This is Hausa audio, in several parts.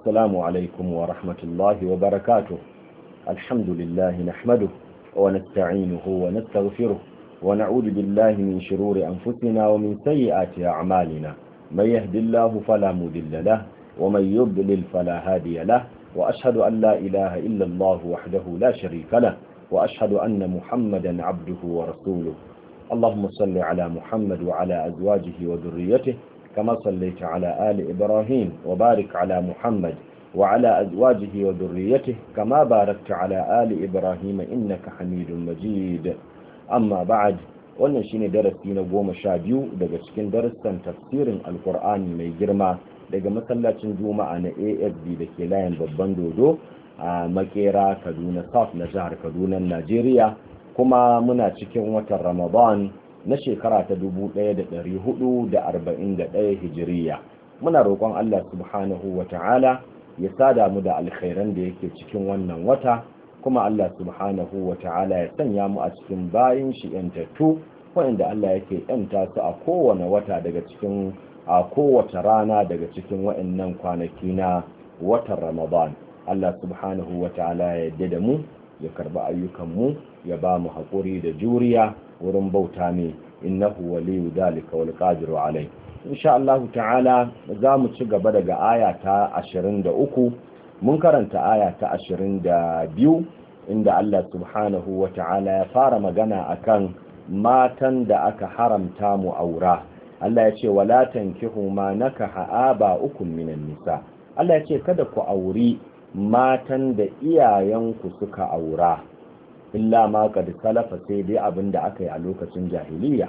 السلام عليكم ورحمة الله وبركاته الحمد لله نحمده ونستعينه ونستغفره ونعوذ بالله من شرور أنفسنا ومن سيئات أعمالنا من يهد الله فلا مذل له ومن يضلل فلا هادي له وأشهد أن لا إله إلا الله وحده لا شريك له وأشهد أن محمدا عبده ورسوله اللهم صل على محمد وعلى أزواجه وذريته كما صليت على آل إبراهيم وبارك على محمد وعلى أزواجه وذريته كما باركت على آل إبراهيم إنك حميد مجيد أما بعد wannan shine darasi na goma sha biyu daga cikin darussan tafsirin alkur'ani mai girma daga masallacin juma'a na afd da ke layin babban dodo a makera kaduna south na jihar kaduna najeriya kuma muna cikin watan ramadan na shekara ta dubu ɗaya da da da ɗari arba'in ɗaya hijiriya muna roƙon Allah subhanahu wa ta'ala ya sada mu da alkhairan da yake cikin wannan wata kuma Allah subhanahu wa ta'ala ya sanya mu a cikin bayin shi yantattu waɗanda Allah yake yanta su a kowane wata daga cikin a kowace rana daga cikin waɗannan kwanaki na watan Ramadan Allah subhanahu wa ta'ala ya yadda da mu ya karba ayyukanmu ya ba mu haƙuri da juriya wurin bauta ne innahu waliyu dalika wal qadiru alai insha Allah ta'ala za mu ci gaba daga aya ta 23 mun karanta aya ta 22 inda Allah subhanahu wa ta'ala ya fara magana akan matan da aka haramta mu aura Allah ya ce wala tankihu ma nakaha aba ukum minan nisa Allah ya ce kada ku auri matan da iyayenku suka aura illa ma kad salafa sai dai abin da aka yi a lokacin jahiliya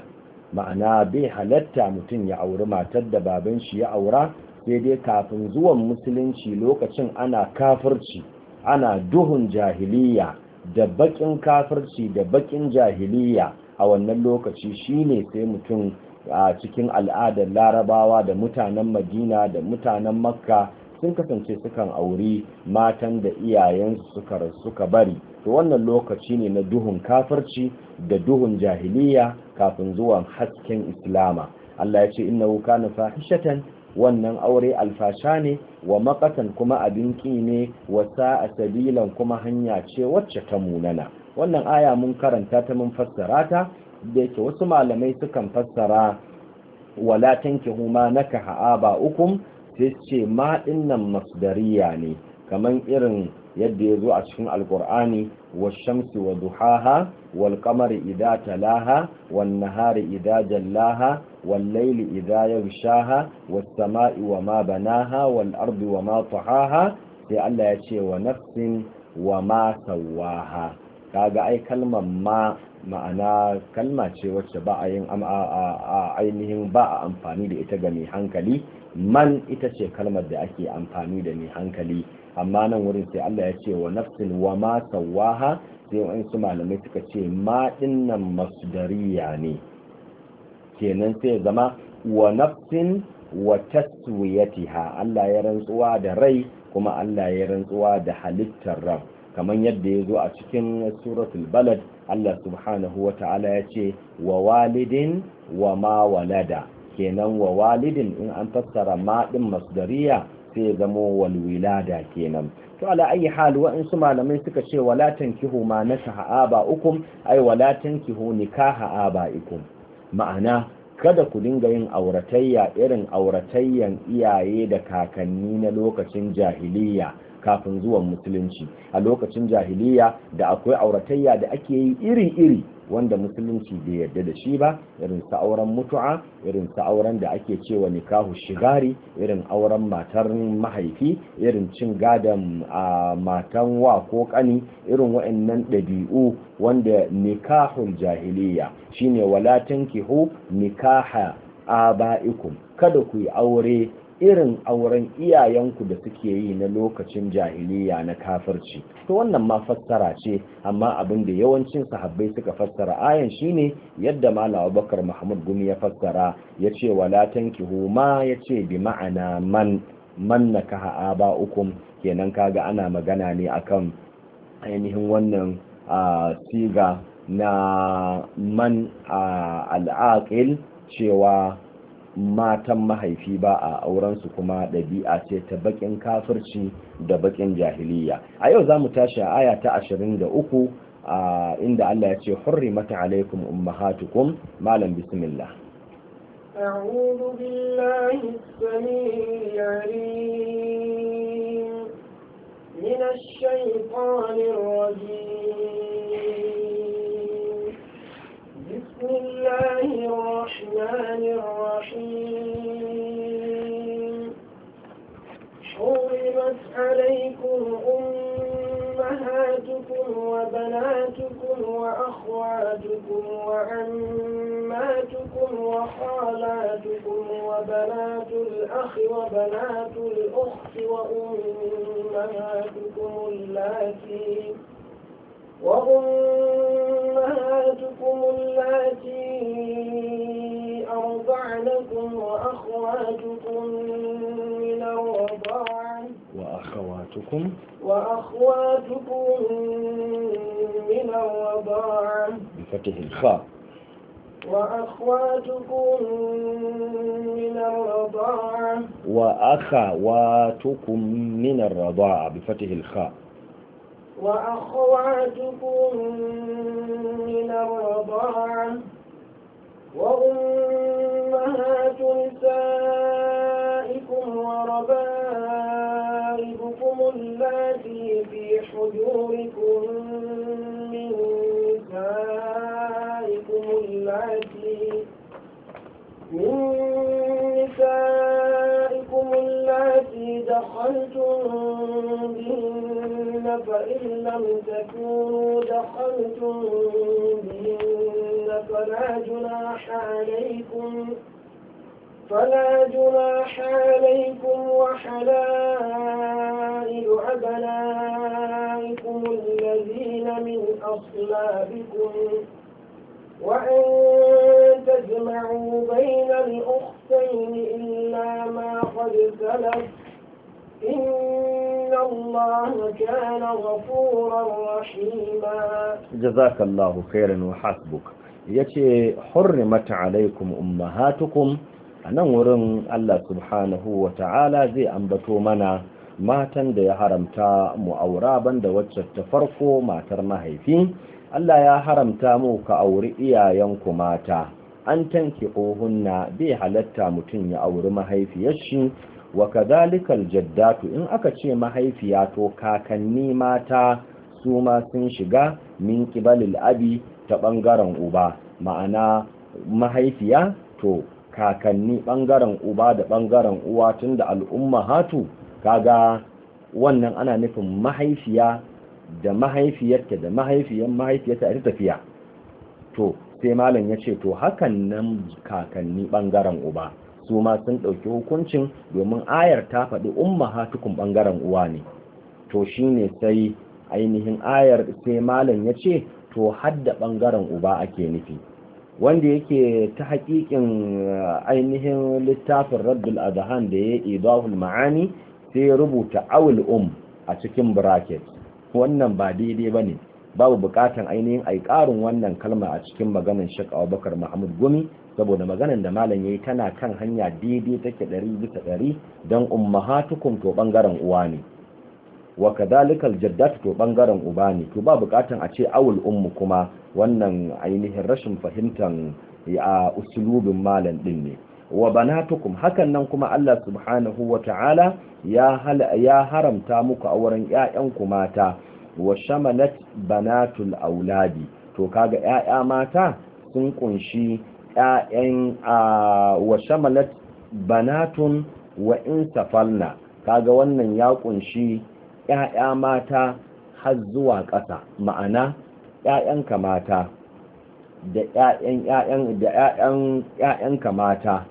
ma'ana bai halatta mutum ya auri matar da baban shi ya aura sai dai kafin zuwan musulunci lokacin ana kafirci ana duhun jahiliya da bakin kafirci da bakin jahiliya a wannan lokaci shine sai mutum a cikin al'adar larabawa da mutanen madina da mutanen makka sun kasance sukan aure matan da iyayensu suka suka bari to wannan lokaci ne na duhun kafirci da duhun jahiliya kafin zuwan hasken islama Allah ya ce innahu kana fahishatan wannan aure alfasha ne wa makatan kuma abin ki ne wa sa'a sabilan kuma hanya ce wacce ta munana wannan aya mun karanta ta mun fassara ta da yake wasu malamai sukan fassara wala tankihu ma nakaha aba'ukum sai ce ma dinnan masdariya ne kaman irin yadda ya zo a cikin alkur'ani wa shamsi wa duhaha wal qamari idha talaha wan nahari idha jallaha wal layli idha yaghshaha was sama'i wa ma banaha wal ardi wa ma tahaha sai Allah ya ce wa nafsin wa ma sawaha kaga ai kalmar ma ma'ana kalma ce wacce ba a yin ainihin ba a amfani da ita ga mai hankali man ita ce kalmar da ake amfani da ni hankali amma nan wurin sai Allah ya ce wa nafsin wa ma sawaha sai su malamai suka ce ma dinnan masdariya ne kenan sai zama wa nafsin wa taswiyatiha Allah ya rantsuwa da rai kuma Allah ya rantsuwa da halittar ran kamar yadda ya zo a cikin suratul balad Allah subhanahu wa ta'ala ya ce wa walidin wa ma walada kenan wa walidin in an fassara maɗin masu masdariya sai ya zamo walwilada kenan to ala ayi hal su malamai suka ce wala tankihu ma nasaha aba ukum ai wala tankihu nikaha aba ikum ma'ana kada ku dinga yin auratayya irin auratayyan iyaye da kakanni na lokacin jahiliya kafin zuwan musulunci a lokacin jahiliya da akwai auratayya da ake yi iri-iri wanda musulunci bai yarda da shi ba irin sa auren mutu'a irin sa auren da ake cewa nikahu shigari irin auren matar mahaifi irin cin gadon a matan wa ko kani irin wa'annan ɗabi'u wanda nikahul jahiliya shine wala tankihu nikaha aba'ikum kada ku yi aure irin auren iyayenku da suke yi na lokacin jahiliya na kafirci to wannan ma fassara ce amma abin da yawancin sahabbai suka fassara ayan shine yadda Malam abubakar mahmud gumi ya fassara ya ce wala tankihu ma ya ce bi ma'ana man man nakaha aba ukum kenan kaga ana magana ne akan ainihin wannan siga na man al'aqil cewa matan mahaifi ba a aurensu kuma ɗabi'a ce ta baƙin kafirci da baƙin jahiliya a yau za mu tashi a aya ta 23 a inda Allah ya ce hurri mata alaikum ummahatukum malam bismillah أعوذ بالله وأمهاتكم التي أرضعنكم وأخواتكم من الرضاعة وأخواتكم وأخواتكم من الرضاعة بفتح الخاء وأخواتكم من الرضاعة وأخواتكم من الرضاعة بفتح الخاء وأخواتكم من الرضاعة وأمهات نسائكم وربائبكم التي في حجوركم من نسائكم التي من نسائكم التي دخلتم بهن فإن لم تكونوا دخلتم بهن فلا جناح عليكم فلا جناح عليكم وحلائل أبنائكم الذين من أصلابكم وأن تجمعوا بين الأخرى الدين إلا ما قد سلف إن الله كان غفورا رحيما جزاك الله خيرا وحسبك yace hurrimat alaikum ummahatukum anan wurin Allah subhanahu wata'ala zai ambato mana matan da ya haramta mu aura banda wacce ta farko matar mahaifi Allah ya haramta mu ka auri iyayenku mata an tanke ohunna bai halatta mutum ya auri mahaifiyar shi wa kazalikal jaddatu in aka ce mahaifiya to kakanni mata su ma sun shiga min kibalil abi ta bangaren uba ma'ana mahaifiya to kakanni bangaren uba da bangaren uwa tunda al'umma hatu kaga wannan ana nufin mahaifiya da mahaifiyarta da mahaifiyan mahaifiyarta a tafiya to sai malam ya ce to hakan nan kakanni bangaren uba su ma sun ɗauki hukuncin domin ayar ta faɗi umma hatukun ɓangaren uwa ne to shi sai ainihin ayar sai malam ya ce to hadda bangaren uba ake nufi wanda yake ta haƙiƙin uh, ainihin littafin raddul adhan da ya idahul ma'ani sai ya rubuta awul um a cikin bracket wannan ba daidai ba ne babu bukatan ainihin ai ƙarin wannan kalma a cikin maganar Sheikh Abubakar Mahmud Gumi saboda maganar da malam yayi tana kan hanya daidai take ɗari bisa ɗari dan ummahatukum to bangaren uwa ne wa kadhalika to bangaren uba ne to ba bukatan a ce awul ummu kuma wannan ainihin rashin fahimtar a usulubin malam din ne wa banatukum hakan nan kuma Allah subhanahu wa ta'ala ya haramta muku auren 'ya'yanku mata wa shamalat banatul auladi to kaga ƴaƴa mata sun kunshi ƴaƴan wa shamalat banatun wa insafalna kaga wannan ya kunshi ƴaƴa mata har zuwa ƙasa ma'ana ƴaƴanka mata da ƴaƴan ƴaƴan da ƴaƴan ƴaƴanka mata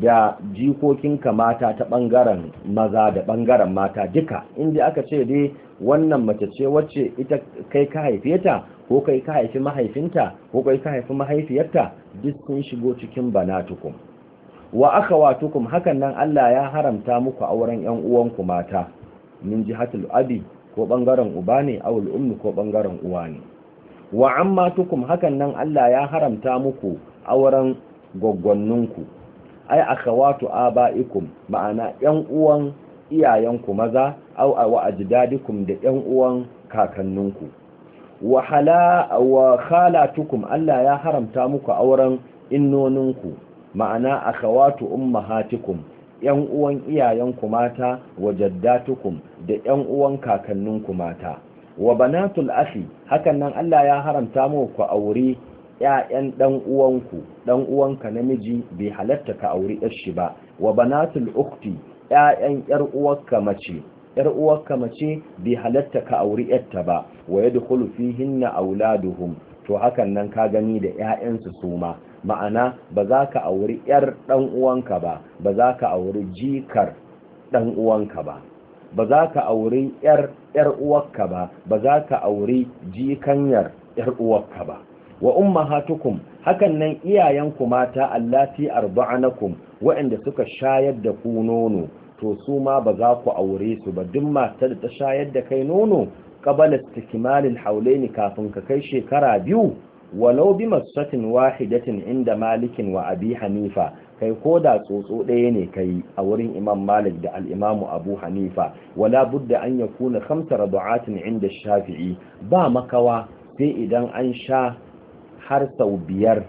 da jikokinka mata ta ɓangaren maza da ɓangaren mata duka inda aka ce dai wannan mace ce wacce ita kai ka haife ta ko kai ka haifi mahaifinta ko kai ka haifi mahaifiyarta duk sun shigo cikin banatukum wa akhawatukum hakan nan Allah ya haramta muku auren ƴan uwanku mata min jihatul abi ko ɓangaren uba ne awul ummi ko ɓangaren uwa ne wa tukum hakan nan Allah ya haramta muku auren gwaggwanninku ai akhawatu abaikum ma'ana yan uwan iyayenku maza aw wa'azi ajdadikum da yan uwan kakanninku wa hala wa khalatukum Allah ya haramta muku auren innoninku ma'ana akhawatu ummahatikum yan uwan iyayenku mata wa jaddatukum da yan uwan kakanninku mata wa banatul akhi hakan nan Allah ya haramta muku aure ƴaƴan ɗan uwanku ɗan uwanka namiji bai halatta ka auri ɗar shi ba wa banatul ukti ƴaƴan yar uwarka mace ƴar uwarka mace bai halatta ka auri yarta ba wa yadkhulu fihinna auladuhum to hakan nan ka gani da ƴaƴansu su ma ma'ana ba za ka auri yar ɗan uwanka ba ba za ka auri jikar ɗan uwanka ba ba za ka auri yar yar uwarka ba ba za ka auri jikanyar yar uwarka ba wa ummahatukum hakan nan iyayenku mata allati arba'anakum waɗanda suka shayar da ku nono to su ma ba za ku aure su ba duk mata da ta shayar da kai nono qabala istikmalil haulaini kafin ka kai shekara biyu walau bi masatin wahidatin inda malikin wa abi hanifa kai ko da tsotso ɗaya ne kai a wurin imam malik da al'imamu abu hanifa wala budda an yakuna kamsa rabu'atin inda shafi'i ba makawa sai idan an sha har sau biyar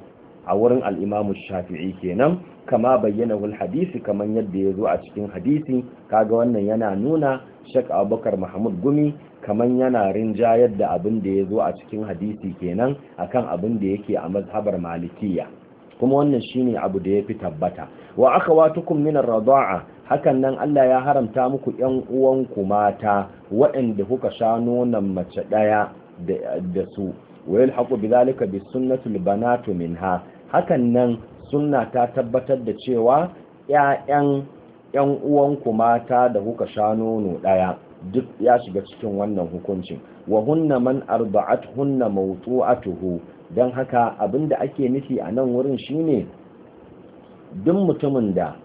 a wurin al'imamu shafi'i kenan kama bayyana wul hadisi kamar yadda ya zo a cikin hadisi kaga wannan yana nuna shek abubakar mahmud gumi kamar yana rinja da abin da ya zo a cikin hadisi kenan akan abin da yake a mazhabar malikiya kuma wannan shine abu da ya fi tabbata wa aka akhawatukum min ar-rida'a hakan nan Allah ya haramta muku 'yan uwanku mata waɗanda kuka sha nonon mace ɗaya da su wa yalhaqu bidhalika bis sunnatul banatu minha hakan nan sunna ta tabbatar da cewa ƴaƴan ƴan uwanku mata da kuka sha nono daya duk ya shiga cikin wannan hukuncin wa hunna man arba'at hunna mawtu'atuhu dan haka abinda ake nufi a nan wurin shine duk mutumin da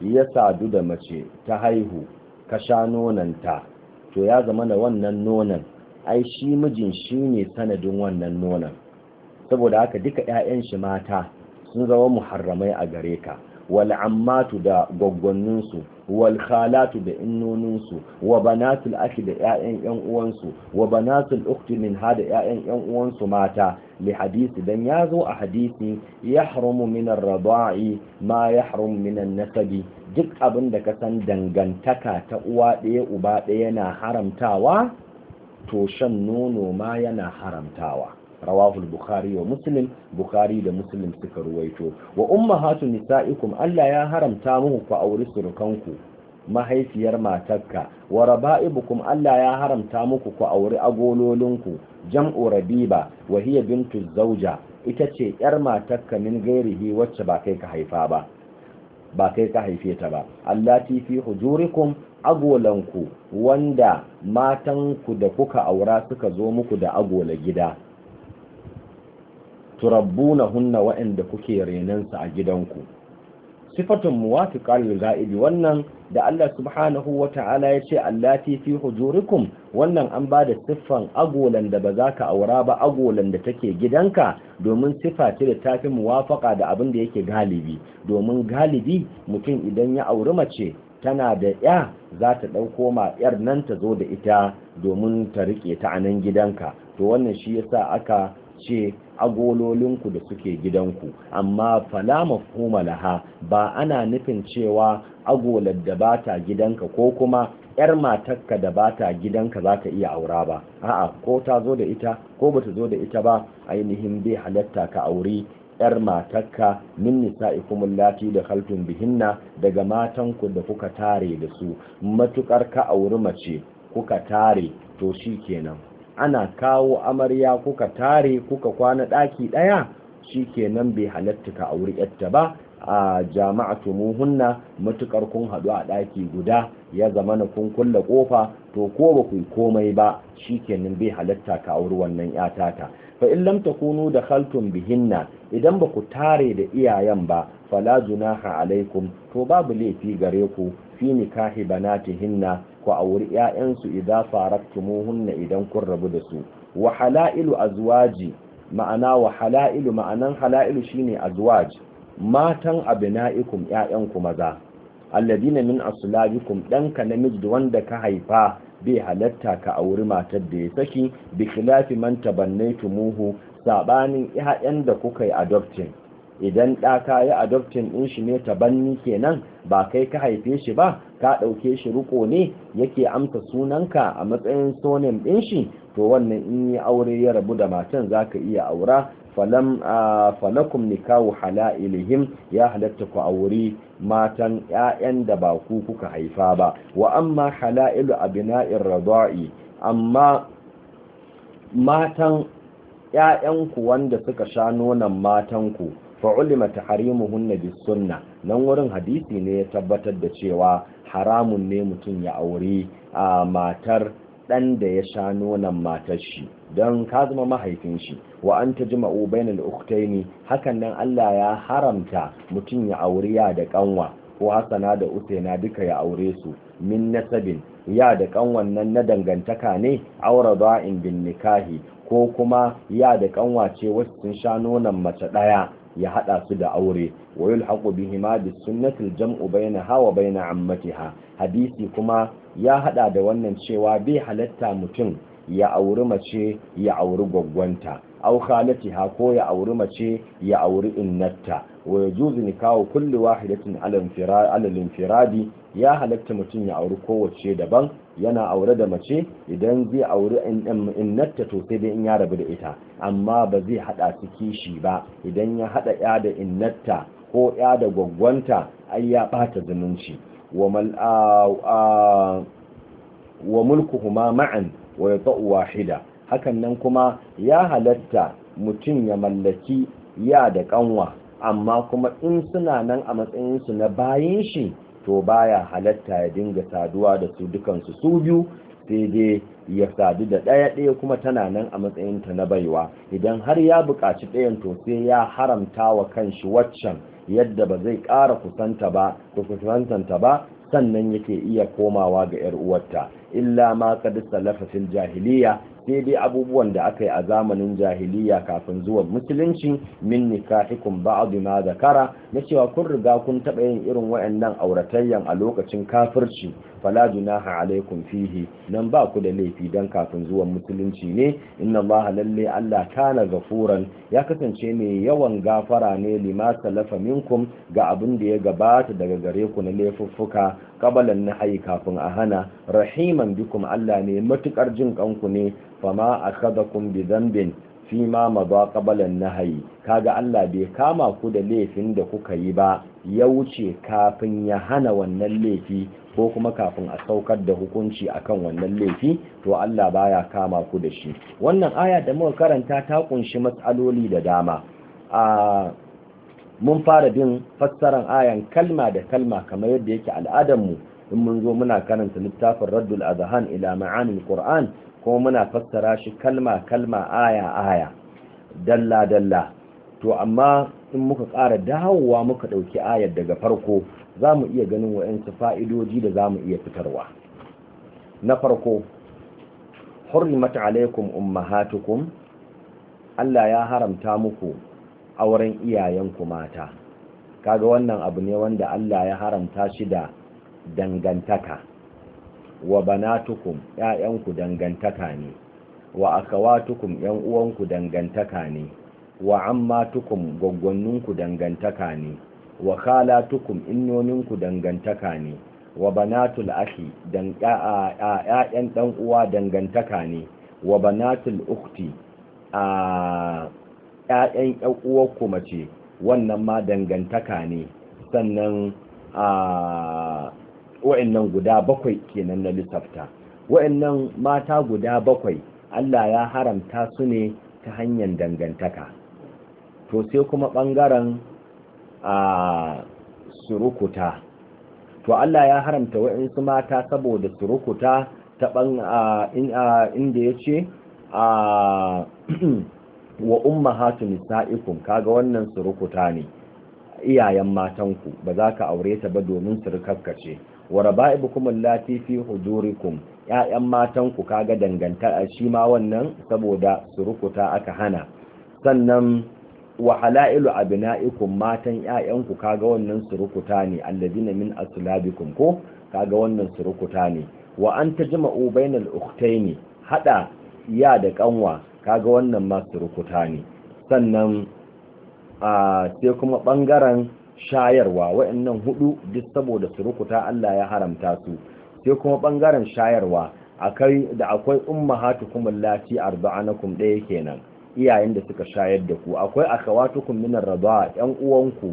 ya sadu da mace ta haihu ka sha nonanta to ya zama da wannan nonan ai shi mijin shi ne sanadin wannan nonon saboda haka duka 'ya'yan shi mata sun zama muharramai a gare ka wal ammatu da gwaggwanninsu wal khalatu da innoninsu wa banatul aki da 'ya'yan 'yan uwansu wa banatul ukti min ha da 'ya'yan 'yan uwansu mata li hadisi dan ya zo a hadisi ya haramu minan raba'i ma ya haramu minan nasabi duk abin da ka san dangantaka ta uwa ɗaya uba ɗaya na haramtawa to shan nono ma yana haramtawa Rawahul bukhari wa muslim bukhari da muslim suka ruwaito wa ummahatu nisaikum Allah ya haramta muku ku auri surukanku mahaifiyar matarka wa raba'ibukum Allah ya haramta muku ku auri agololinku jam'u rabiba wa hiya bintu zawja ita ce yar matarka min gairihi wacce ba kai ka haifa ba ba kai ka haife ta ba allati fi hujurikum agolanku wanda matanku da kuka aura suka zo muku da agola gida turabbuna hunna waɗanda kuke renansu a gidanku sifatun muwafiqa lil ghaibi wannan da Allah subhanahu wata'ala ya ce allati fi hujurikum wannan an ba da siffan agolan da ba za ka aura ba agolan da take gidanka domin sifa ce da tafi muwafaka da abin da yake galibi domin galibi mutum idan ya auri mace tana da ya za ta ɗauko ma yar nan ta zo da ita domin ta riƙe ta anan gidanka to wannan shi yasa aka ce agololinku da suke gidanku amma fala mafhuma laha ba ana nufin cewa agolar da ba ta gidanka ko kuma yar matarka da ba ta gidanka za ka iya aura ba a'a ko ta zo da ita ko bata zo da ita ba ainihin bai halatta ka auri yar matarka min nisa'ikum lati da khaltum bihinna daga matanku da kuka tare da su matukar ka auri mace kuka tare to shikenan ana kawo amarya kuka tare kuka kwana ɗaki ɗaya shikenan bai halatta ka auri yatta ba a jama'atu muhunna matukar kun haɗu a ɗaki guda ya zama na kun kulle kofa to ko ba ku komai ba shikenan bai halatta ka auri wannan 'yata ta. fa in lam takunu da haltun bihinna idan ba ku tare da iyayen ba fala junaha alaikum to babu laifi gare ku fi nikahi banatihinna ku auri ƴaƴansu idan faraktumuhunna idan kun rabu da su wa halailu azwaji ma'ana wa halailu ma'anan halailu shine azwaj matan abna'ikum ƴaƴanku maza alladina min aslabikum danka namiji wanda ka haifa bai halatta ka auri matar da ya saki bi khilafi man tabannaytumuhu sabanin ƴaƴan da kuka yi adopting idan ɗa ka yi adoptin ɗin shi ne tabanni kenan ba kai ka haife shi ba ka ɗauke shi riko ne yake amsa sunanka a matsayin sonin ɗin shi to wannan in yi aure ya rabu da matan za ka iya aura falam falakum nikahu halailihim ya halatta ku aure matan ƴaƴan da ba ku kuka haifa ba wa amma halailu abina'ir rada'i amma matan ‘ya'yanku wanda suka sha nonon matanku fa'ulima taharimuhunna bi sunna nan wurin hadisi ne ya tabbatar da cewa haramun ne mutum ya aure a matar ɗan da ya sha nunan matar shi don ka zama mahaifin shi wa an ta jima'u bainal uktaini hakan nan Allah ya haramta mutum ya aure ya da kanwa ko hasana da usaina duka ya aure su min nasabin ya da kanwan nan na dangantaka ne aura ba'in bin nikahi ko kuma ya da kanwa ce wasu sun sha nunan mace daya ya hada su da aure wa yulhaqu bihima bis sunnati al-jam'u bainaha wa bain ammatiha hadisi kuma ya hada da wannan cewa bai halatta mutum ya auri mace ya auri gwaggwanta aw khalatiha ko ya auri mace ya auri innatta wa yajuzu nikahu kulli wahidatin ala ala infiradi ya halatta mutum ya auri kowace daban yana aure da mace idan zai auri innatta to sai dai in ya rabu da ita amma ba zai hada su kishi ba idan ya hada ya da innatta ko ya da gwaggwanta ai ya bata zumunci wa mal wa mulkuhuma ma'an wa ya wahida hakan nan kuma ya halatta mutum ya mallaki ya da kanwa amma kuma in suna nan a matsayinsu na bayin shi to baya halatta ya dinga saduwa da su dukansu su biyu sai dai ya sadu da ɗaya ɗaya kuma tana nan a matsayinta na baiwa idan har ya buƙaci ɗayan to sai ya haramta wa kanshi waccan yadda ba zai ƙara kusanta ba kusantanta ba sannan yake iya komawa ga ‘yar uwarta, illa ma ka salafa lafafin jahiliya sai dai abubuwan da aka yi a zamanin jahiliya kafin zuwan musulunci min nikahikum ba'd ma zakara na cewa kun riga kun taba yin irin wayannan auratayyan a lokacin kafirci fala junaha alaikum fihi nan ba ku da laifi dan kafin zuwan musulunci ne inna allaha lalle allah kana gafuran ya kasance mai yawan gafara ne lima salafa minkum ga abin da ya gabata daga gare ku na laifuffuka kabalan nahayi kafin a hana rahiman bikum allah ne matukar jin kanku ne fama akhadakum bi dhanbin fima madha qabla an-nahyi kaga Allah bai kama ku da laifin da kuka yi ba ya wuce kafin ya hana wannan laifi ko kuma kafin a saukar da hukunci akan wannan laifi to Allah baya kama ku da shi wannan aya da muka karanta ta kunshi matsaloli da dama a mun fara bin fassaran ayan kalma da kalma kamar yadda yake al'adarmu in mun zo muna karanta littafin raddul azhan ila ma'anil qur'an kuma muna fassara shi kalma kalma aya aya dalla dalla to amma in muka ƙara dawowa muka ɗauki ayar daga farko za mu iya ganin wa'yansu fa'idoji da za mu iya fitarwa na farko mata alaikum ummahatukum Allah ya haramta muku auren iyayenku mata kaga wannan abu ne wanda Allah ya haramta shi da dangantaka wa banatukum ‘ya'yanku dangantaka ne, wa akawatukum ‘yan uwanku dangantaka ne, wa ammatukum gwaggwanninku dangantaka ne, wa khalatukum innoninku dangantaka ne, wa banatul akhi dan ‘ya'yan ɗan uwa dangantaka ne, wa banatul ukhti a ‘ya'yan uwarku mace wannan ma dangantaka ne, sannan a wa'annan guda bakwai kenan na lissafta wa'annan mata guda bakwai Allah ya haramta su ne ta hanyar dangantaka to sai kuma ɓangaren a surukuta to Allah ya haramta wa'ansu mata saboda surukuta ta ban inda ya ce a wa ummahatu nisa'ikum kaga wannan surukuta ne iyayen matanku ba za ka aure ta ba domin surukarka ce wa raba'ibukum allati fi hujurikum ƴaƴan matan ku kaga danganta shi ma wannan saboda surukuta aka hana sannan wa halailu abna'ikum matan ƴaƴan ku kaga wannan surukuta ne alladina min aslabikum ko kaga wannan surukuta ne wa anta jama'u bainal ukhtaini hada ya da kanwa kaga wannan ma surukuta ne sannan a sai kuma bangaren shayarwa wa'annan hudu duk saboda su rukuta Allah ya haramta su sai kuma bangaren shayarwa akai da akwai ummahatukum allati kum ɗaya kenan iyayen da suka shayar da ku akwai akhawatukum min raba ɗan yan uwanku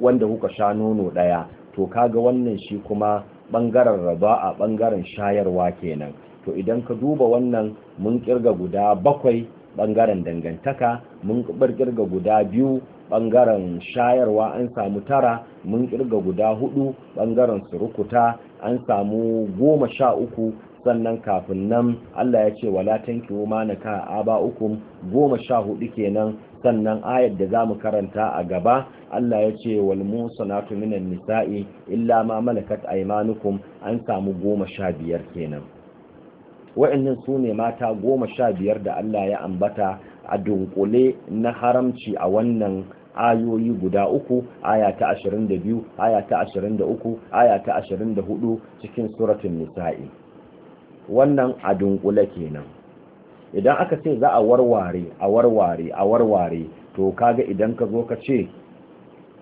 wanda kuka sha nono daya to kaga wannan shi kuma bangaren a bangaren shayarwa kenan to idan ka duba wannan mun kirga guda bakwai Ɓangaren dangantaka mun ƙirga guda biyu ɓangaren shayarwa an samu tara mun ƙirga guda hudu ɓangaren surukuta an samu goma sha uku sannan kafin nan Allah ya ce wala tankihu ma naka aba ukum goma sha hudu kenan sannan ayar da za mu karanta a gaba Allah ya ce wal musanatu minan nisa'i illa ma malakat aimanukum an samu goma sha biyar kenan wa'annan su ne mata goma sha biyar da Allah ya ambata a dunkule na haramci a wannan ayoyi guda uku aya ta 22 aya ta 23 aya ta 24 cikin suratul nisa'i wannan a dunkule kenan idan aka ce za a warware a warware a warware to kaga idan ka zo ka ce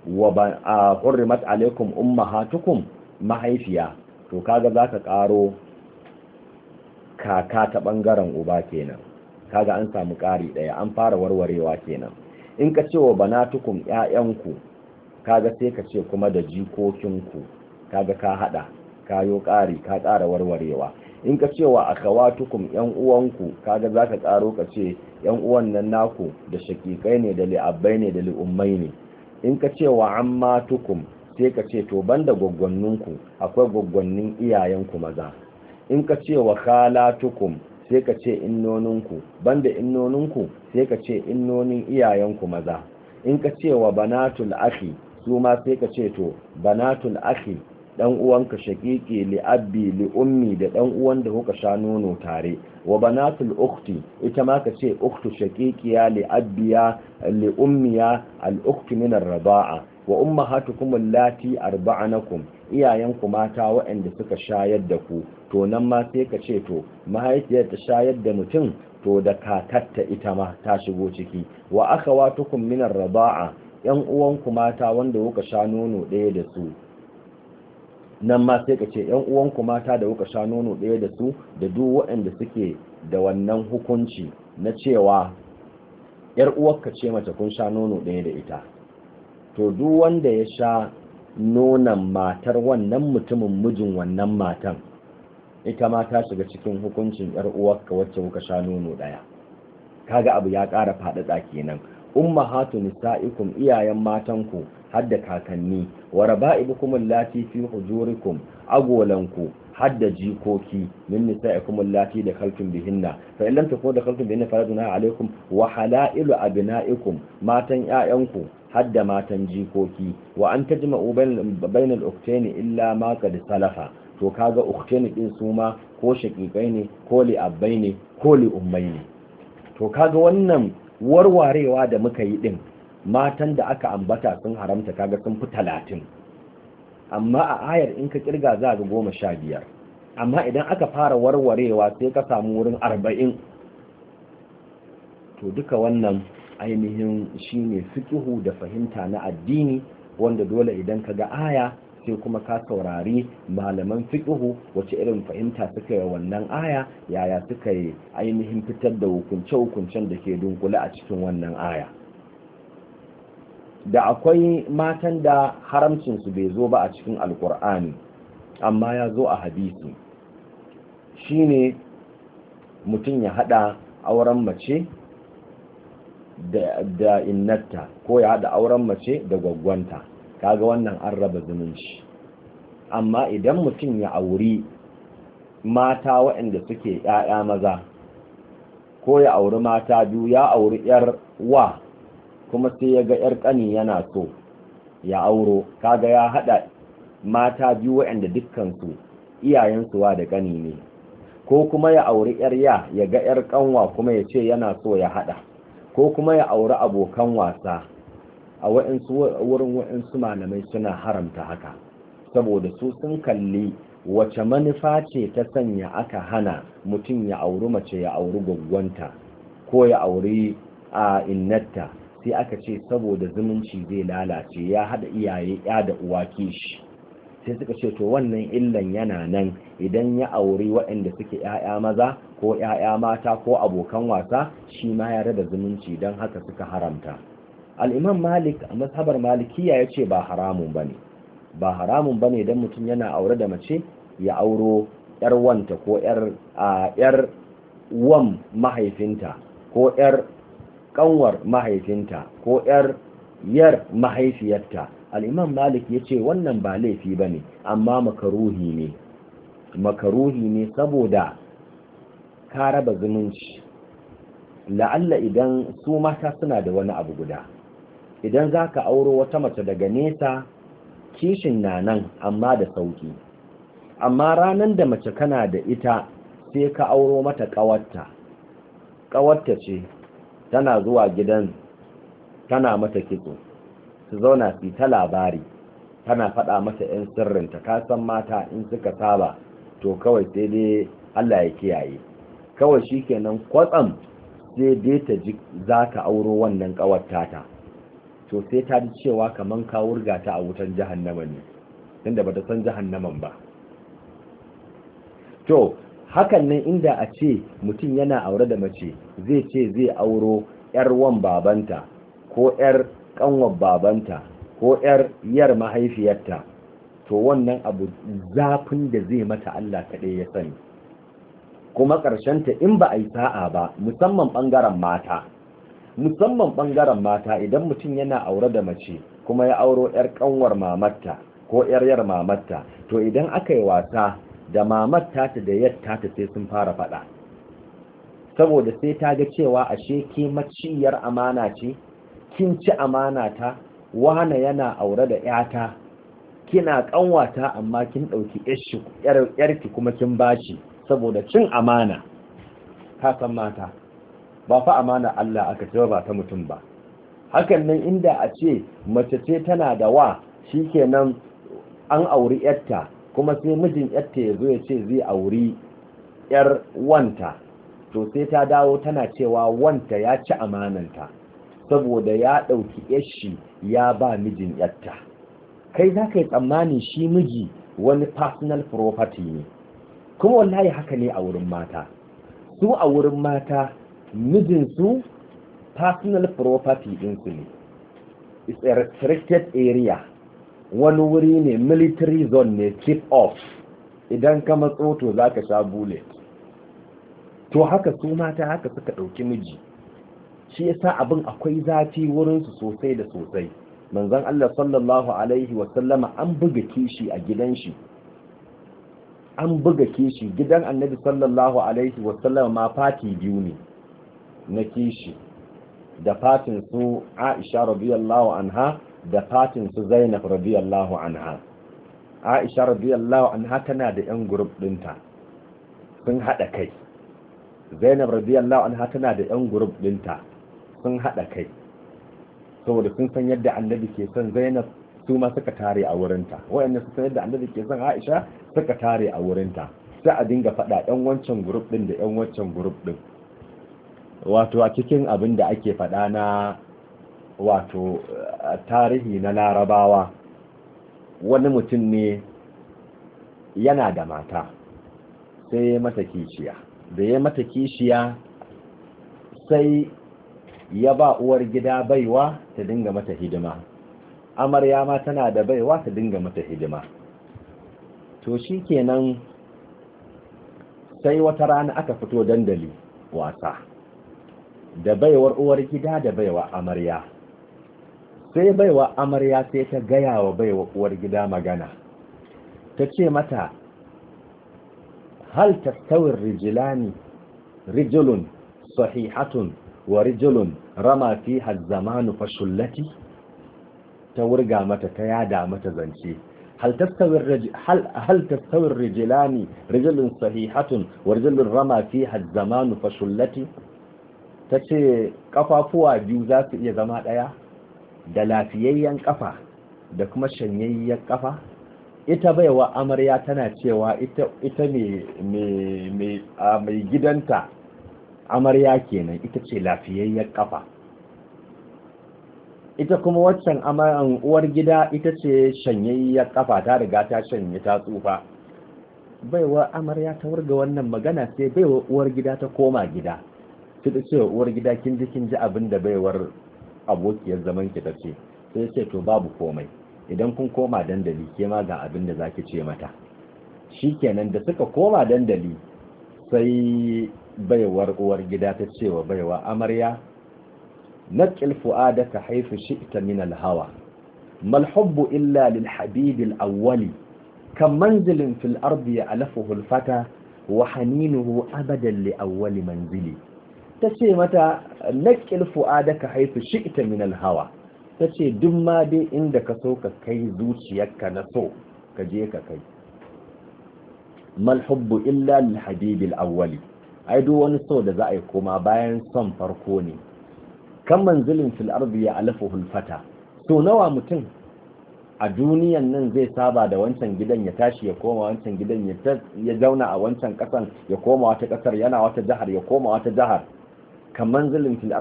wa a hurrimat alaikum ummahatukum mahaifiya to kaga zaka karo kaka ta bangaren uba kenan kaga an samu ƙari ɗaya an fara warwarewa kenan in ka ce wa banatukum ƴaƴanku kaga sai ka ce kuma da jikokinku kaga ka hada kayo ƙari ka ƙara warwarewa in ka ce wa akhawatukum ƴan uwanku kaga zaka ƙaro ka ce ƴan uwan nan naku da shakikai ne da li'abbai ne da li'ummai ne in ka ce wa ammatukum sai ka ce to banda gwaggwanninku akwai gwaggwannin iyayenku maza in ka ce wa khalatukum sai ka ce innoninku banda innoninku sai ka ce innonin iyayenku maza in ka ce wa banatul akhi su ma sai ka ce to banatul akhi dan uwanka shakiki li abbi li ummi da dan uwan da kuka sha nono tare wa banatul ukhti ita ma ka ce ukhtu ya li ya li ya al ukhti min ar wa ummahatukum allati arba'anakum iyayenku mata waɗanda suka shayar da ku to nan ma sai ka ce to mahaifiyar ta shayar da mutum to da kakatta ita ma ta shigo ciki wa aka watukun minar raba'a yan uwanku mata wanda kuka sha nono ɗaya da su nan ma sai ka ce yan uwanku mata da kuka sha nono ɗaya da su da duk waɗanda suke da wannan hukunci na cewa yar uwarka ce mace kun sha nono ɗaya da ita to duk wanda ya sha Nonon matar wannan mutumin mijin wannan matan ita ma ta shiga cikin hukuncin yar uwarka wacce kuka sha nono daya kaga abu ya ƙara faɗaɗa kenan ummahatu nisaikum iyayen matanku har da kakanni wa raba'ibukum allati fi hujurikum agolanku har da jikoki min nisaikum allati da kalkin bihinna fa in lam takunu da kalkin bihinna falajuna alaikum wa halailu abnaikum matan ƴaƴanku hadda matan jikoki wa an tajma'u bainal uktaini illa ma qad salafa to kaga uktaini din su ma ko shaqiqai ne ko li abbai ne ko li ummai ne to kaga wannan warwarewa da muka yi din matan da aka ambata sun haramta kaga sun fi talatin amma a ayar in ka kirga za ga goma sha biyar amma idan aka fara warwarewa sai ka samu wurin arba'in to duka wannan ainihin ne fikihu da fahimta na addini wanda dole idan ka ga aya sai kuma ka saurari malaman fiƙihu wace irin fahimta suka yi wannan aya yaya suka yi ainihin fitar da hukunce-hukuncen da ke dunkule a cikin wannan aya da akwai matan da haramcinsu bai zo ba a cikin alkur'ani amma ya zo a hadisi shine mutum ya hada auren mace da innatta ko ya haɗa auren mace da gwaggwanta kaga wannan an raba zumunci amma idan mutum ya auri mata waɗanda suke ‘ya'ya maza ko ya auri mata biyu ya auri ‘yar wa kuma sai ya ga ‘yar ƙani yana so ya auro kaga ya haɗa mata biyu waɗanda dukkansu iyayensu wa da ƙani ne ko kuma ya auri ‘yar ya ya ga ‘yar ƙanwa kuma ya ce yana so ya haɗa ko kuma ya auri abokan wasa a wa'insu wurin wa'insu malamai suna haramta haka saboda su sun kalli wace manufa ce ta sanya aka hana mutum ya auri mace ya auri gwaggwanta ko ya auri a innatta sai aka ce saboda zumunci zai lalace ya hada iyaye ya da uwa kishi sai suka ce to wannan illan yana nan idan ya auri waɗanda suke 'ya'ya maza ko ‘ya'ya mata ko abokan wasa shi ma ya rada zumunci don haka suka haramta al'imam malik a mazhabar malikiya ya ce ba haramun ba ne ba haramun ba ne don mutum yana aure da mace ya auro ‘yar wanta ko ‘yar wan mahaifinta ko ‘yar ƙanwar mahaifinta ko ‘yar yar mahaifiyarta al'imam malik ya ce wannan ba laifi ba ne amma makaruhi ne makaruhi ne saboda ka raba zumunci la'alla idan su mata suna da wani abu guda idan za ka auro wata mace daga nesa kishin na nan amma da sauki amma ranar da mace kana da ita sai ka auro mata ƙawarta ƙawarta ce tana zuwa gidan tana mata kitso su zauna su ta labari tana faɗa mata 'yan sirrinta kasan mata in suka saba to kawai sai dai Allah ya kiyaye kawai shikenan kwatsam sai dai ta ji za ta auro wannan kawarta ta, to sai ta ji cewa kaman ka wurga ta a wutan jahannama ne tunda bata san jahannaman ba to hakan nan inda a ce mutum yana aure da mace zai ce zai auro yar wan babanta ko yar kanwar babanta ko yar yar mahaifiyarta to wannan abu zafin da zai mata Allah kaɗai ya sani kuma ƙarshen ta in ba a yi sa'a ba musamman ɓangaren mata musamman ɓangaren mata idan mutum yana aure da mace kuma ya auro 'yar ƙanwar mamatta ko 'yaryar mamatta to idan aka yi wasa da mamatta ta da yadda ta sai sun fara faɗa saboda sai ta ga cewa ashe ke maciyar amana ce kin ci amana ta wane yana aure da 'yata kina ƙanwata amma kin ɗauki 'yarki kuma kin bashi saboda cin amana ka san mata ba fa amana Allah aka ce ba ta mutum ba hakan nan inda a ce mace ce tana da wa shi shikenan an auri yarta kuma sai mijin yarta ya zo ya ce zai auri yar wanta to sai ta dawo tana cewa wanta ya ci amananta saboda ya ɗauki yashi ya ba mijin yarta kai za ka yi tsammani shi miji wani personal property ne kuma wallahi haka ne a wurin mata su a wurin mata mijinsu personal property ɗinsu ne it's a restricted area wani wuri ne military zone ne keep off idan ka matso to za ka sha bullet to haka su mata haka suka ɗauki miji shi yasa abin akwai zafi wurinsu sosai da sosai manzan Allah sallallahu alaihi wasallama an buga kishi a gidan shi an buga kishi gidan annabi sallallahu alaihi wasallam ma fati biyu ne na kishi da fatin su aisha radiyallahu anha da fatin su zainab radiyallahu anha aisha radiyallahu anha tana da yan group dinta sun hada kai zainab radiyallahu anha tana da yan group dinta sun hada kai saboda sun san yadda annabi ke son zainab su ma suka tare a wurinta wayannan su sanar da annabi ke san Aisha suka tare a wurinta sai a dinga faɗa ɗan wancan group ɗin da ɗan wancan group ɗin wato a cikin abin da ake faɗa na wato tarihi na larabawa wani mutum ne yana da mata sai ya mata kishiya da ya mata kishiya sai ya ba uwar gida baiwa ta dinga mata hidima amarya ma tana da baiwa ta dinga mata hidima to shi kenan sai wata rana aka fito dandali wasa da baiwar uwar gida da baiwa amarya sai baiwa amarya sai ta gaya wa baiwa uwar gida magana ta ce mata hal tastawir rijilani rijilun sahihatun wa rijulun rama zamanu fashullati ta wurga mata ta yada mata zance hal tastawir rijilani rijilin sahihatun wa rijilin rama fi zamanu fashullati ta ce kafafuwa biyu za su iya zama ɗaya da lafiyayyen kafa da kuma shanyayyen kafa ita baiwa amarya tana cewa ita mai gidanta amarya kenan ita ce lafiyayyen kafa ita kuma waccan amayan uwar gida ita ce shanyayyar kafa ta riga ta shanye ta tsufa baiwa amarya ta warga wannan magana sai baiwa uwar gida ta koma gida Fita ta ce uwar gida kin ji kin ji abin da baiwar abokiyar zaman ki ta ce sai ce to babu komai idan kun koma dandali ke ma ga abin da zaki ce mata shikenan da suka koma dandali sai baiwar uwar gida ta cewa baiwa amarya نقل فؤادك حيث شئت من الهوى ما الحب إلا للحبيب الأول كم منزل في الأرض يألفه الفتى وحنينه أبدا لأول منزلي تشي متى نقل haifi حيث شئت من الهوى tace duk ma dai inda ka so ka kai zuciyarka na so ka je ka kai malhubbu illa lil habibi al-awwali ai duk wani so da za a yi koma bayan son farko ne kan manzilin fil ya alafuhu fata to nawa mutum a duniyan nan zai saba da wancan gidan ya tashi ya koma wancan gidan ya zauna a wancan kasan ya koma wata kasar yana wata jihar ya koma wata jihar kan manzilin fil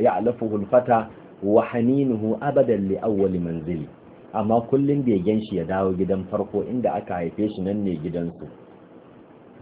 ya alafuhu fata wa haninuhu abadan li awwali manzili amma kullum begen shi ya dawo gidan farko inda aka haife shi nan ne gidansu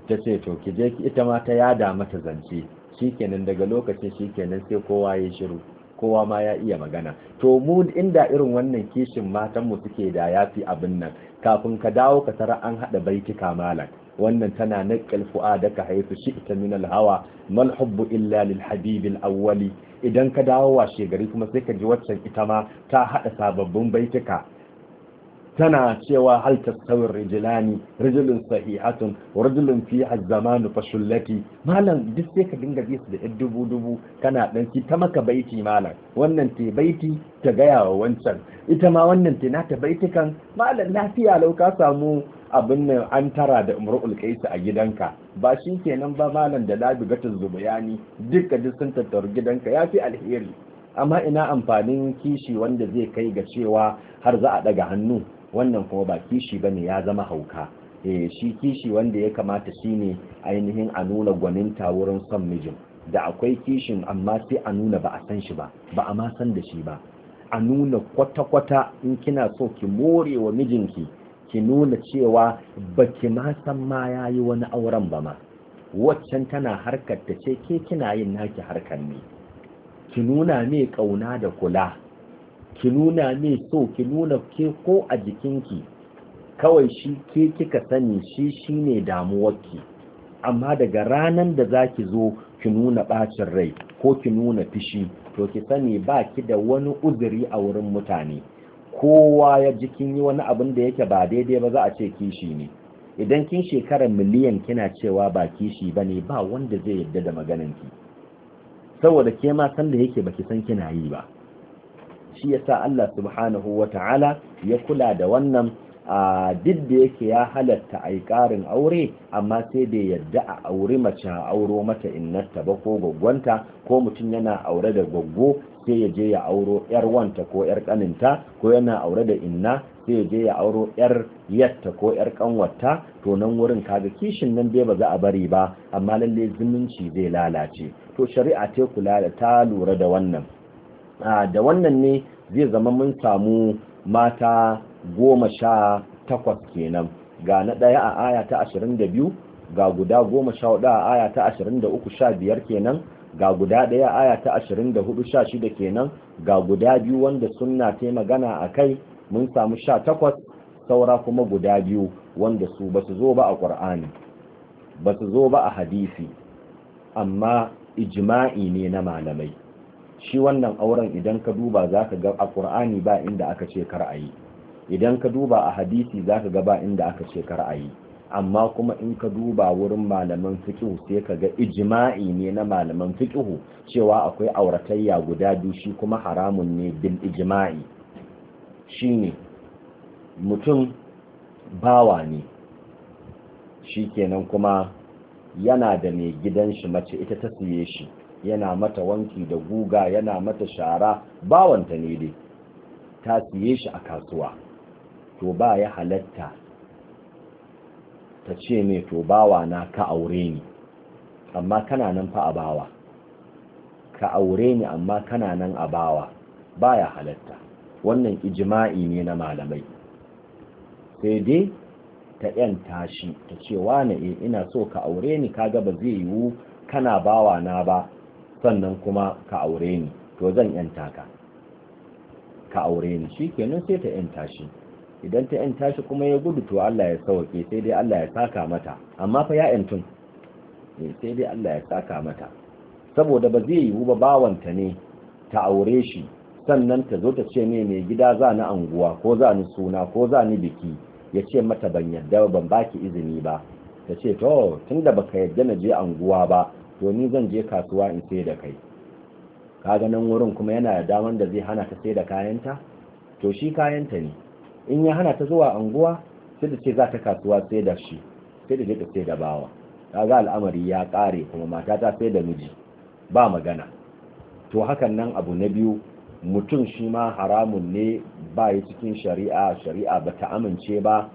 ta ce to ki je ki ita ma ta yada mata zance shikenan daga lokacin shikenan sai kowa ya shiru kowa ma ya iya magana to mu inda irin wannan kishin matan mu suke da yafi abin nan kafin ka dawo ka tara an hada baitika malam wannan tana fu'ada ka haythu shi'ta min al-hawa mal hubbu illa lil al awwali idan ka dawo washe gari kuma sai ka ji waccan ita ma ta hada sababbin baitika tana cewa hal tasawir rijilani rijilun sahihatun wa rijilun fi zamanu fashullati malam duk sai ka dinga bisu da yan dubu dubu kana dan ki ta maka baiti malam wannan te baiti ta gaya wa wancan ita ma wannan te nata baitikan malam lafiya lau ka samu abin nan an tara da umrul a gidanka ba shi kenan ba malam da labi gatin zubayani duka duk sun tattaru gidanka yafi alheri amma ina amfanin kishi wanda zai kai ga cewa har za a daga hannu wannan kuma ba kishi bane ya zama hauka eh shi kishi wanda ya kamata shine ainihin a nuna gwaninta wurin son mijin da akwai kishin amma sai a nuna ba a san shi ba ba a ma san da shi ba a nuna kwata-kwata in kina so ki more wa mijinki ki nuna cewa ba ki ma san ma ya yi wani auren ba ma waccan tana harkar ta ce ke kina yin naki harkar ne ki nuna mai kauna da kula ki nuna ne so ki nuna ke ko a jikinki kawai shi ke kika sani shi shi shine damuwarki amma daga ranar da za ki zo ki nuna ɓacin rai ko ki nuna fishi to ki sani ba ki da wani uzuri a wurin mutane kowa ya ji yi wani abin da yake ba daidai ba za a ce kishi ne idan kin shekara miliyan kina cewa ba kishi ba ne ba wanda zai yadda da maganinki saboda ke ma san da yake baki san kina yi ba shi ya sa Allah subhanahu wa ta'ala ya kula da wannan a duk da yake ya halatta a yi ƙarin aure amma sai dai yadda a aure mace a auro mata innarta ba ko gwaggwanta ko mutum yana aure da gwaggo sai ya je ya auro yar wanta ko yar kaninta ko yana aure da inna sai ya je ya auro yar yatta ko yar kanwata to nan wurin kaga kishin nan dai ba za a bari ba amma lalle zumunci zai lalace to shari'a ta kula da ta lura da wannan da wannan ne zai zama mun samu mata goma sha takwas kenan ga na ɗaya a aya ta ashirin da biyu ga guda goma sha hudu a aya ta ashirin da uku sha biyar kenan ga guda ɗaya aya ta ashirin da hudu sha shida kenan ga guda biyu wanda sunna ta magana a kai mun samu sha takwas saura kuma guda biyu wanda su ba su zo ba a ƙur'ani, ba su zo ba a hadisi amma ijma'i ne na malamai shi wannan auren idan ka duba za ka ga a ƙur'ani ba inda aka ce kar a yi idan ka duba a hadisi za ka ga ba inda aka ce kar a yi amma kuma in ka duba wurin malaman fikihu sai ka ga ijma'i ne na malaman fikihu cewa akwai auratayya guda biyu shi kuma haramun ne bil ijma'i ne. mutum bawa ne shi kenan kuma yana da mai gidan shi mace ita ta siye shi yana mata wanki da guga yana mata shara bawanta ne dai ta siye shi a kasuwa to ba ya halatta ta ce mai to bawa na ka aure ni amma kana nan fa a bawa ka aure ni amma kana nan a bawa ba ya halatta wannan ijima'i ne na malamai sai dai ta 'yan tashi. ta ce wane eh, ina so ka aure ni kaga ba zai yiwu kana bawa na ba sannan kuma ka aure ni to zan yanta ka ka aure ni shi kenan sai ta yanta shi idan ta yanta shi kuma ya gudu to Allah ya sauke sai dai Allah ya saka mata amma fa ya yantun eh, sai dai Allah ya saka mata saboda ba zai yiwu ba bawanta ne ta aure shi sannan ta zo ta ce ne mai gida za ni anguwa ko za ni suna ko za ni biki ya ce mata ban yadda ban baki izini ba ta ce to tunda baka yadda na je anguwa ba to ni zan je kasuwa in sai da kai kaga nan wurin kuma yana da daman da zai hana ta sai da kayanta to shi kayanta ne in ya hana ta zuwa anguwa sai da ce za ta kasuwa sai da shi sai da ta sai da bawa kaga al'amari ya kare kuma mata ta sai da miji ba magana to hakan nan abu na biyu mutum shi ma haramun ne ba ya cikin shari'a shari'a ba ta amince ba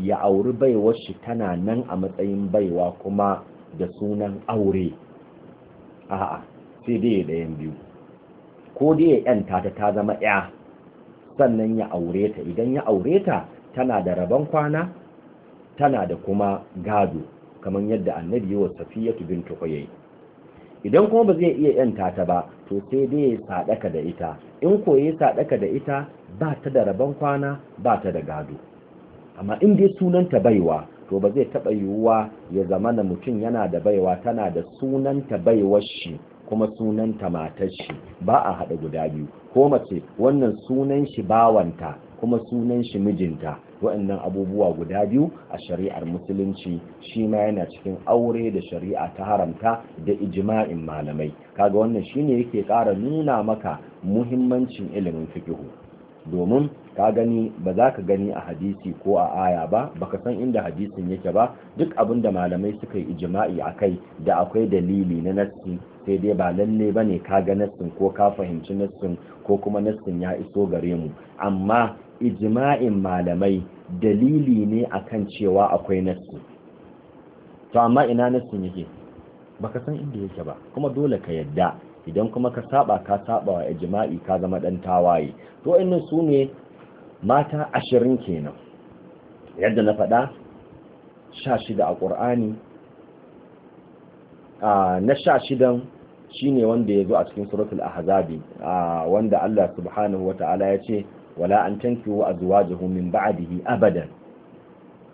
ya auri baiwar shi tana nan a matsayin baiwa kuma da sunan aure a'a sai dai ɗayan biyu ko dai ya yanta ta ta zama ya sannan ya aure ta idan ya aure ta tana da rabon kwana tana da kuma gado kamar yadda annabi yi wa safiyatu bin tukwayayi idan kuma ba zai iya yanta ta ba to sai dai ya saɗaka da ita in ko ya sadaka da ita ba ta da rabon kwana ba ta da gado amma in dai sunanta baiwa to ba zai taɓa yiwuwa ya zama na mutum yana da baiwa tana da sunanta baiwar shi kuma sunanta matar shi ba a haɗa guda biyu ko mace wannan sunan shi bawanta kuma sunan shi mijinta waɗannan abubuwa guda biyu a shari'ar musulunci shi ma yana cikin aure da shari'a ta haramta da ijma'in malamai kaga wannan shine yake ƙara nuna maka muhimmancin ilimin fikihu domin ka gani ba za ka gani a hadisi ko a aya ba baka san inda hadisin yake ba duk abin da malamai suka yi jima'i a kai da akwai dalili na nassi sai dai ba lalle ba ne ka ga nassin ko ka fahimci nassin ko kuma nassin ya iso gare mu amma ijma'in malamai dalili ne akan cewa akwai nassi to amma ina nassin yake baka san inda yake ba kuma dole ka yadda idan kuma ka saba ka saba wa ijma'i ka zama dan tawaye to innan su ne mata ashirin kenan yadda na faɗa sha shida a ƙur'ani na sha shidan shine wanda ya zo a cikin suratul ahzabi wanda Allah subhanahu ta'ala ya ce wala an zuwa azwajuhum min ba'dihi abadan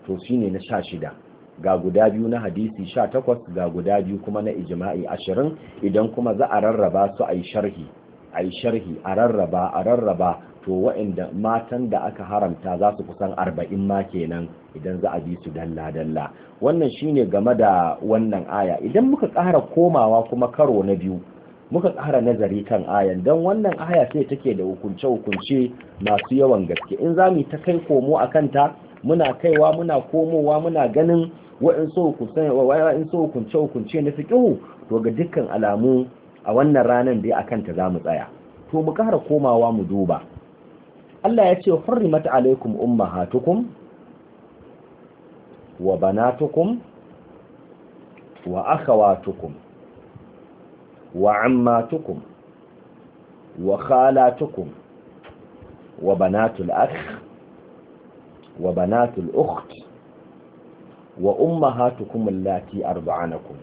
to shine na sha shida ga guda biyu na hadisi sha takwas ga guda biyu kuma na ijma'i ashirin idan kuma za a rarraba su a yi sharhi a yi sharhi a rarraba a rarraba to waɗanda matan da aka haramta za su kusan arba'in ma kenan idan za a bi su dalla dalla wannan shine game da wannan aya idan muka ƙara komawa kuma karo na biyu muka ƙara nazari kan ayan don wannan aya sai take da hukunce-hukunce masu yawan gaske in za mu ta kai komo a kanta muna kaiwa muna komowa muna ganin wa'in so hukunce-hukunce na fiƙihu to ga dukkan alamu a wannan ranar dai kanta za mu tsaya to mu ƙara komawa mu duba Allah ya ce hurrimat alaikum ummahatukum wa banatukum wa akhawatukum wa ammatukum wa khalatukum wa banatul akh wa banatul ukht wa ummahatukum allati arda'anakum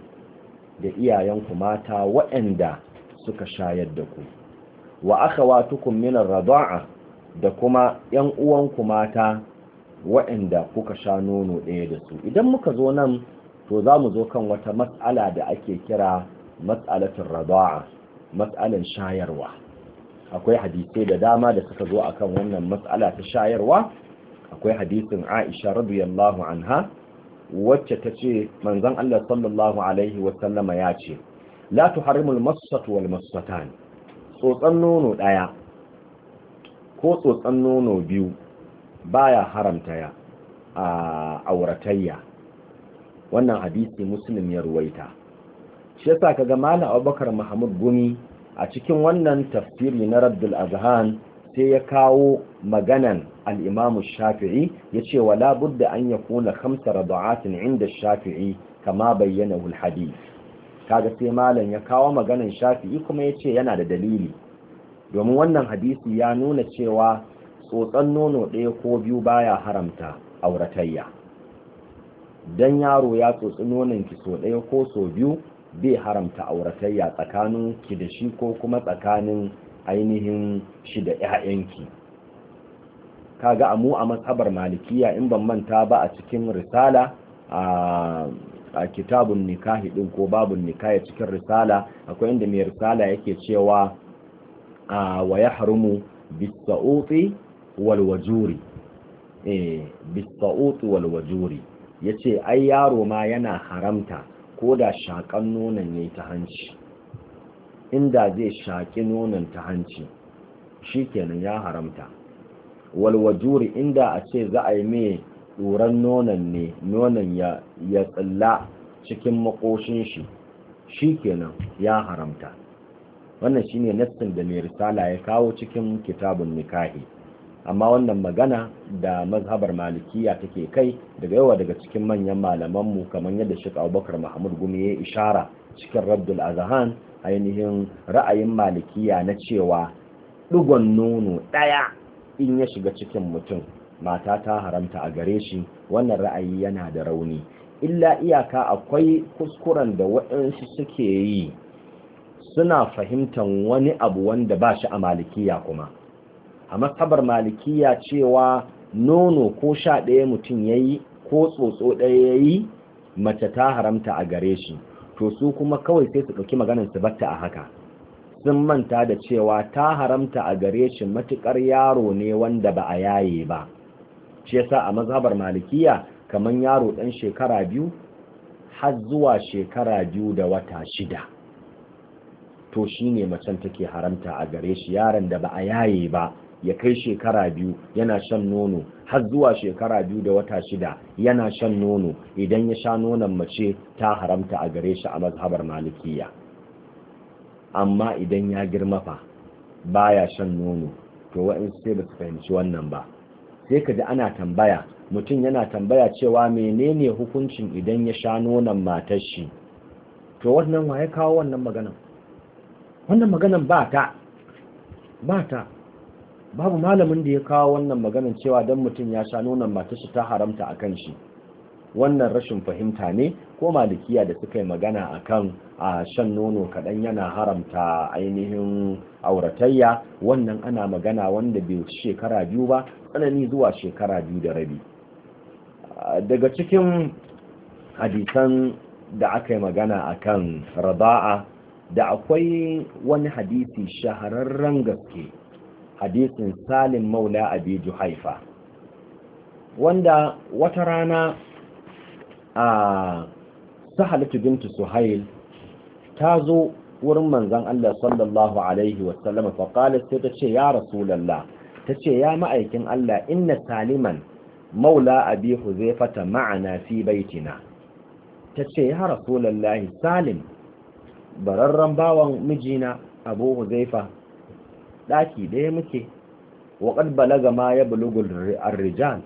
da iyayenku mata waɗanda suka shayar da ku wa aka min ar rada'a da kuma ƴan uwanku mata waɗanda kuka sha nono ɗaya da su idan muka zo nan to za mu zo kan wata mas'ala da ake kira mas'alatul rada'a mas'alan shayarwa akwai hadisai da dama da suka zo akan wannan mas'ala ta shayarwa akwai hadisin Aisha radiyallahu anha wacce ta ce manzon Allah sallallahu alaihi wasallama ya ce la harimul masu wal massatan tsotsan nono ɗaya ko tsotsan nono biyu baya haramta ya a auratayya wannan hadisi muslim ya ruwaita shi yasa kaga malam Abubakar Muhammad Gumi a cikin wannan tafsiri na Raddul Azhan sai ya kawo maganan al Shafi'i shafi'i yace wala budda an yakuna Kamsa rada'atin inda shafi'i kama bayyana hulhadi? kaga sai malam ya kawo maganan shafi'i kuma yace yana da dalili domin wannan hadisi ya nuna cewa tsotsan nono ɗaya ko biyu baya haramta auratayya dan yaro ya tsotsi nonon ki so ɗaya ko so biyu bai haramta auratayya tsakanin ki da shi ko kuma tsakanin ainihin shi da 'ya'yanki kaga a mu a matsabar malikiya in ban manta ba a cikin risala a a kitabun nikahi ɗin ko babun nikahi cikin risala akwai inda mai risala yake cewa a wa yahrumu bisauti wal wajuri eh bisauti wal yace ai yaro ma yana haramta ko da shakan nonon yi ta hanci inda zai shaƙi nonon ta hanci kenan ya haramta walwajuri inda a ce za a yi mai tsoron nonon ne nonon ya tsalla cikin makoshin shi shi kenan ya haramta wannan shi ne nassin da mai risala ya kawo cikin kitabun nikahi amma wannan magana da mazhabar malikiya take kai daga yawa daga cikin manyan malamanmu kamar yadda shi abubakar mahmud gumi ya ishara cikin rabdul azahan ainihin ra'ayin malikiya na cewa ɗigon nono ɗaya in ya shiga cikin mutum mata ta haramta a gare shi wannan ra'ayi yana da rauni illa iyaka akwai kuskuren da waɗansu suke yi suna fahimtar wani abu wanda ba shi a malikiya kuma a matsabar malikiya cewa nono ko sha ɗaya mutum ya yi ko tsotso ɗaya ya yi mace ta haramta a gare shi to su kuma kawai sai su ɗauki maganin su batta a haka sun manta da cewa ta haramta a gare shi matukar yaro ne wanda ba a yaye ba shi yasa a mazhabar malikiya kaman yaro ɗan shekara biyu har zuwa shekara biyu da wata shida to shine macen take haramta a gare shi yaron da ba a yaye ba ya kai shekara biyu yana shan nono har zuwa shekara biyu da wata shida yana shan nono idan ya sha nonon mace ta haramta a gare shi a mazhabar malikiya amma idan ya girma fa ya shan nono to wa'in sai ba su fahimci wannan ba sai ka ji ana tambaya mutum yana tambaya cewa menene hukuncin idan ya sha nonon matar shi to wannan wa ya kawo wannan maganan wannan maganan ba ta ba ta babu malamin da ya kawo wannan maganan cewa don mutum ya sha nonon matar shi ta haramta a kan shi wannan rashin fahimta ne ko malikiya da suka yi magana kan a shan nono kaɗan yana haramta ainihin auratayya wannan ana magana wanda bai shekara biyu ba tsanani zuwa shekara biyu da rabi daga cikin hadisan da aka yi magana kan raba'a da akwai wani hadisi shahararren gaske hadisin salim maula abi Haifa, wanda wata rana a sahalatu bintu suhail ta zo wurin manzon Allah sallallahu alaihi wa fa qalat sai ta ce ya rasulullah ta ce ya ma'aikin Allah inna saliman maula abi ta ma'ana fi baitina ta ce ya rasulullah salim bararran bawan mijina abu huzaifa daki ɗaya muke wa qad balaga ma ya bulugul rijal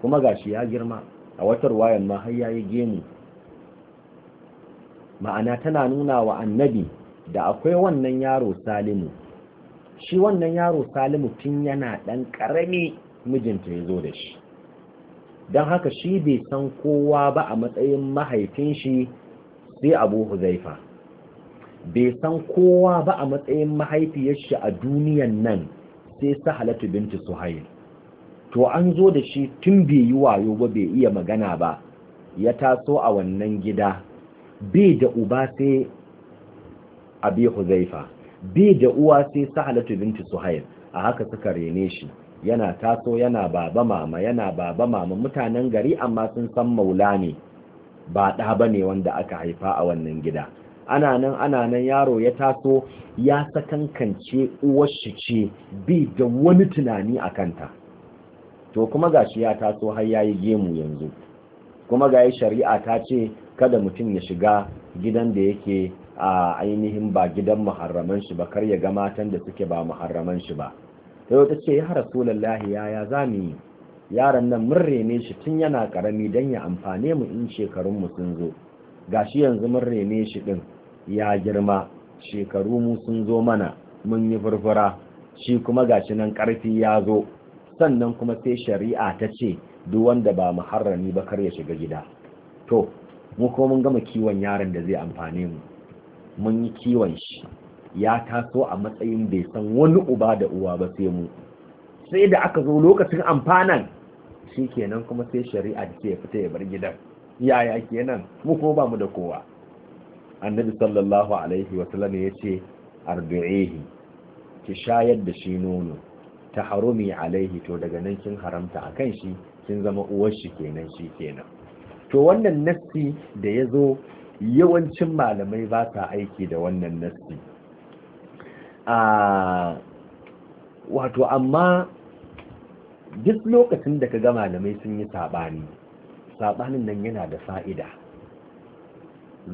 kuma gashi ya girma a watar wayan ma har yayi gemu ma'ana tana nuna wa annabi da akwai wannan yaro salimu shi wannan yaro salimu tun yana ɗan ƙarami mijinta ya zo da shi don haka shi bai san kowa ba a matsayin mahaifin shi sai abu huzaifa bai san kowa ba a matsayin mahaifiyar shi a duniyan nan sai sahalatu binti suhail to an zo da shi tun bai yi wayo ba bai iya magana ba ya taso a wannan gida bai da uba sai abi huzaifa bai da uwa sai sahalatu binti suhail a haka suka rene shi yana taso yana baba mama yana baba mama mutanen gari amma sun san maula ne ba ɗa ba ne wanda aka haifa a wannan gida ana nan ana nan yaro ya taso ya sakankance uwar shi ce bai da wani tunani a kanta to kuma gashi ya taso har yayi gemu yanzu kuma gayi shari'a ta ce kada mutum ya shiga gidan da yake a ainihin ba gidan muharraman shi ba kar ya ga matan da suke ba muharraman shi ba sai wata ce ya rasulullahi yaya zamu yaron nan mun rene shi tun yana karami dan ya amfane mu in shekarun mu sun zo gashi yanzu mun rene shi din ya girma shekaru mu sun zo mana mun yi furfura shi kuma gashi nan karfi ya zo sannan kuma sai shari'a ta ce duk wanda ba muharrami ba kar ya shiga gida to mu ko mun gama kiwon yaron da zai amfane mu mun yi kiwon shi ya taso a matsayin bai san wani uba da uwa ba sai mu sai da aka zo lokacin amfanan shi kenan kuma sai shari'a da ya fita ya bar gidan yaya kenan mu kuma ba mu da kowa annabi sallallahu alaihi wasallam ya ce ardu'ihi ki shayar da shi nono ta harumi alaihi to daga nan kin haramta a kan shi kin zama uwar shi kenan shi kenan to wannan nassi da ya zo yawancin malamai ba ta aiki da wannan nassi a wato amma duk lokacin da ka ga malamai sun yi saɓani saɓanin nan yana da fa'ida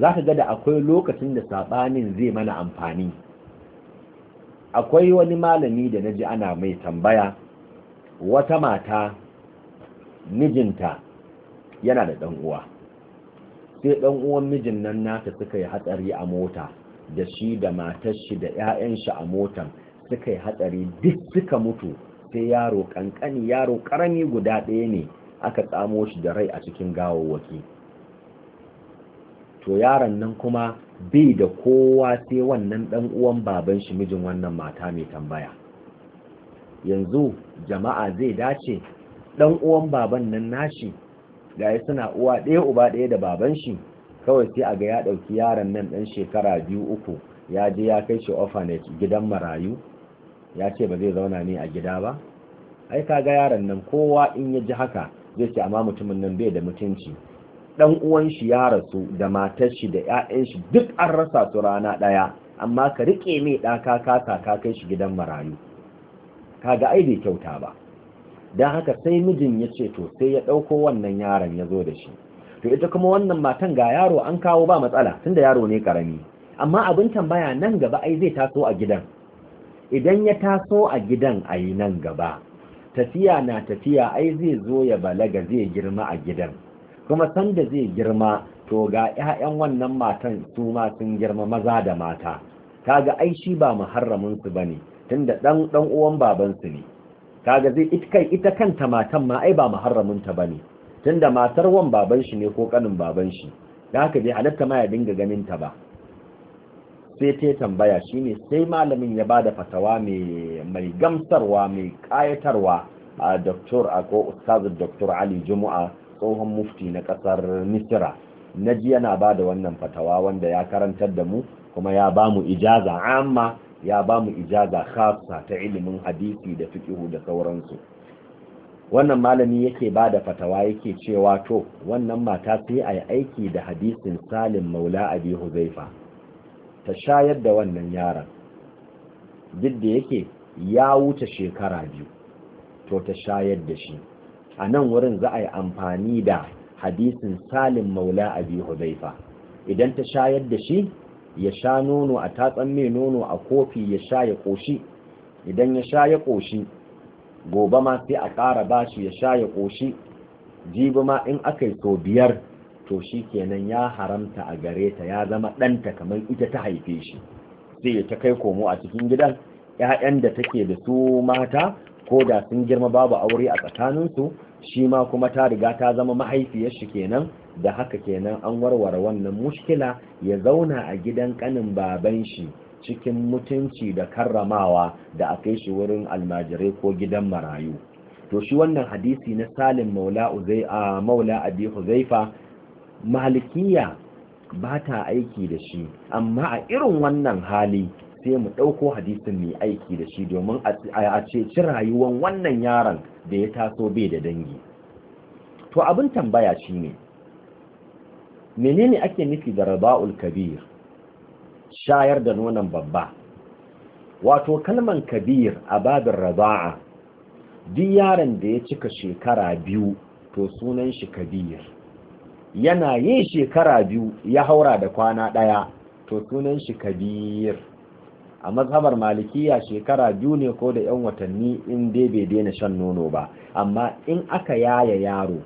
za ka ga da akwai lokacin da saɓanin zai mana amfani akwai wani malami da naji ana mai tambaya wata mata mijinta yana da ɗan uwa sai ɗan uwan mijin nan nata suka yi hatsari a mota da shi da matar shi da 'ya'yan shi a motan suka yi hatsari duk suka mutu sai yaro kankani yaro karami guda ɗaya ne aka tsamo shi da rai a cikin gawawwaki to yaron nan kuma bi da kowa sai wannan dan uwan baban shi mijin wannan mata mai tambaya yanzu jama'a zai dace dan uwan baban nan nashi ga suna uwa ɗaya uba ɗaya da baban shi kawai sai a ga ya ɗauki yaron nan ɗan shekara biyu uku ya je ya kai shi orphanage gidan marayu ya ce ba zai zauna ne a gida ba ai kaga yaron nan kowa in ya ji haka zai ce amma mutumin nan bai da mutunci dan uwan shi ya rasu da matar shi da ƴaƴan shi duk an rasa su rana ɗaya amma ka rike mai ɗaka ka ka kai shi gidan marayu kaga ai bai kyauta ba don haka sai mijin ya ce to sai ya ɗauko wannan yaron ya zo da shi to ita kuma wannan matan ga yaro an kawo ba matsala tunda yaro ne karami amma abin tambaya nan gaba ai zai taso a gidan idan ya taso a gidan ai nan gaba tafiya na tafiya ai zai zo ya balaga zai girma a gidan kuma sanda zai girma to ga 'ya'yan wannan matan su ma sun girma maza da mata kaga ai shi ba muharramin su bane tunda dan dan uwan baban su ne kaga zai ita ita kanta matan ma ai ba muharramin ta bane tunda matar wan baban shi ne ko kanin baban shi da haka dai halatta ma ya dinga ganin ta ba sai ta tambaya shine sai malamin ya bada fatawa mai mai gamsarwa mai kayatarwa a doktor a ko ustaz doktor Ali Jumaa. tsohon mufti na ƙasar misira na ji yana ba da wannan fatawa wanda ya karantar da mu kuma ya ba mu ijaza amma ya ba mu ijaza khasa ta ilimin hadisi da fiqihu da sauransu wannan malami yake ba da fatawa yake cewa to wannan mata sai a yi aiki da hadisin salim maula abi huzaifa ta shayar da wannan yaron duk da yake ya wuce shekara biyu to ta shayar da shi a nan wurin za a yi amfani da hadisin salim maula abi hudaifa idan ta shayar da shi ya sha nono a tatsan mai nono a kofi ya sha ya ƙoshi. idan ya sha ya ƙoshi, gobe ma sai a ƙara bashi ya sha ya ƙoshi. jibi ma in aka yi so biyar to shi kenan ya haramta a gare ta ya zama ɗanta kamar ita ta haife shi sai ya ta kai komo a cikin gidan 'ya'yan da take da su mata ko da sun girma babu aure a tsakaninsu shi ma kuma ta riga ta zama mahaifiyar shi kenan da haka kenan an warware wannan mushkila ya zauna a gidan kanin baban shi cikin mutunci da karramawa da a kai shi wurin almajirai ko gidan marayu to shi wannan hadisi na salim maula a maula abi huzaifa malikiya ba ta aiki da shi amma a irin wannan hali sai mu ɗauko hadisin mai aiki da shi domin a ce ci rayuwar wannan yaron da ya taso bai da dangi to abin tambaya shi ne menene ake nufi da raba'ul kabir shayar da nonon babba wato kalman kabir a babin raba'a duk yaron da ya cika shekara biyu to sunan shi kabir yana yin shekara biyu ya haura da kwana ɗaya to sunan shi kabir a mazhabar malikiya shekara biyu ne ko da yan watanni in dai bai daina shan nono ba amma in aka yaya yaro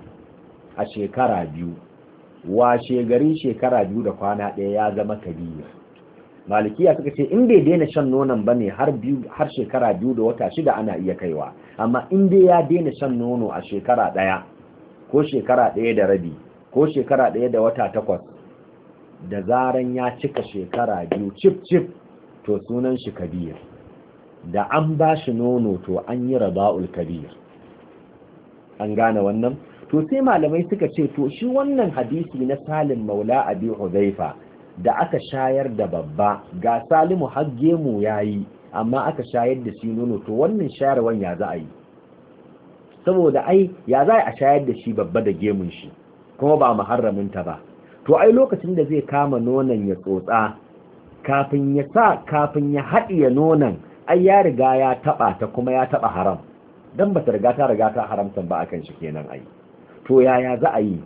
a shekara biyu washe gari shekara biyu da kwana ɗaya ya zama kabiya malikiya suka ce in bai daina shan nonon ba ne har shekara biyu da wata shida ana iya kaiwa amma in dai ya daina shan nono a shekara ɗaya ko shekara ɗaya da rabi ko shekara ɗaya da wata takwas da zaran ya cika shekara biyu cif cif to sunan shi kabir da an ba shi nono to an yi raba'ul kabir an gane wannan to sai malamai suka ce to shi wannan hadisi na salim maula abi huzaifa da aka shayar da babba ga salimu hagge mu yayi amma aka shayar da shi nono to wannan shayarwan ya za a yi saboda ai ya za a shayar da shi babba da gemun shi kuma ba muharramin ta ba to ai lokacin da zai kama nonon ya tsotsa kafin ya sa kafin ya haɗiye nonon ai ya riga ya taɓa ta kuma ya taɓa haram don ba ta riga ta riga ta haramta ba akan shi kenan ai to yaya za a yi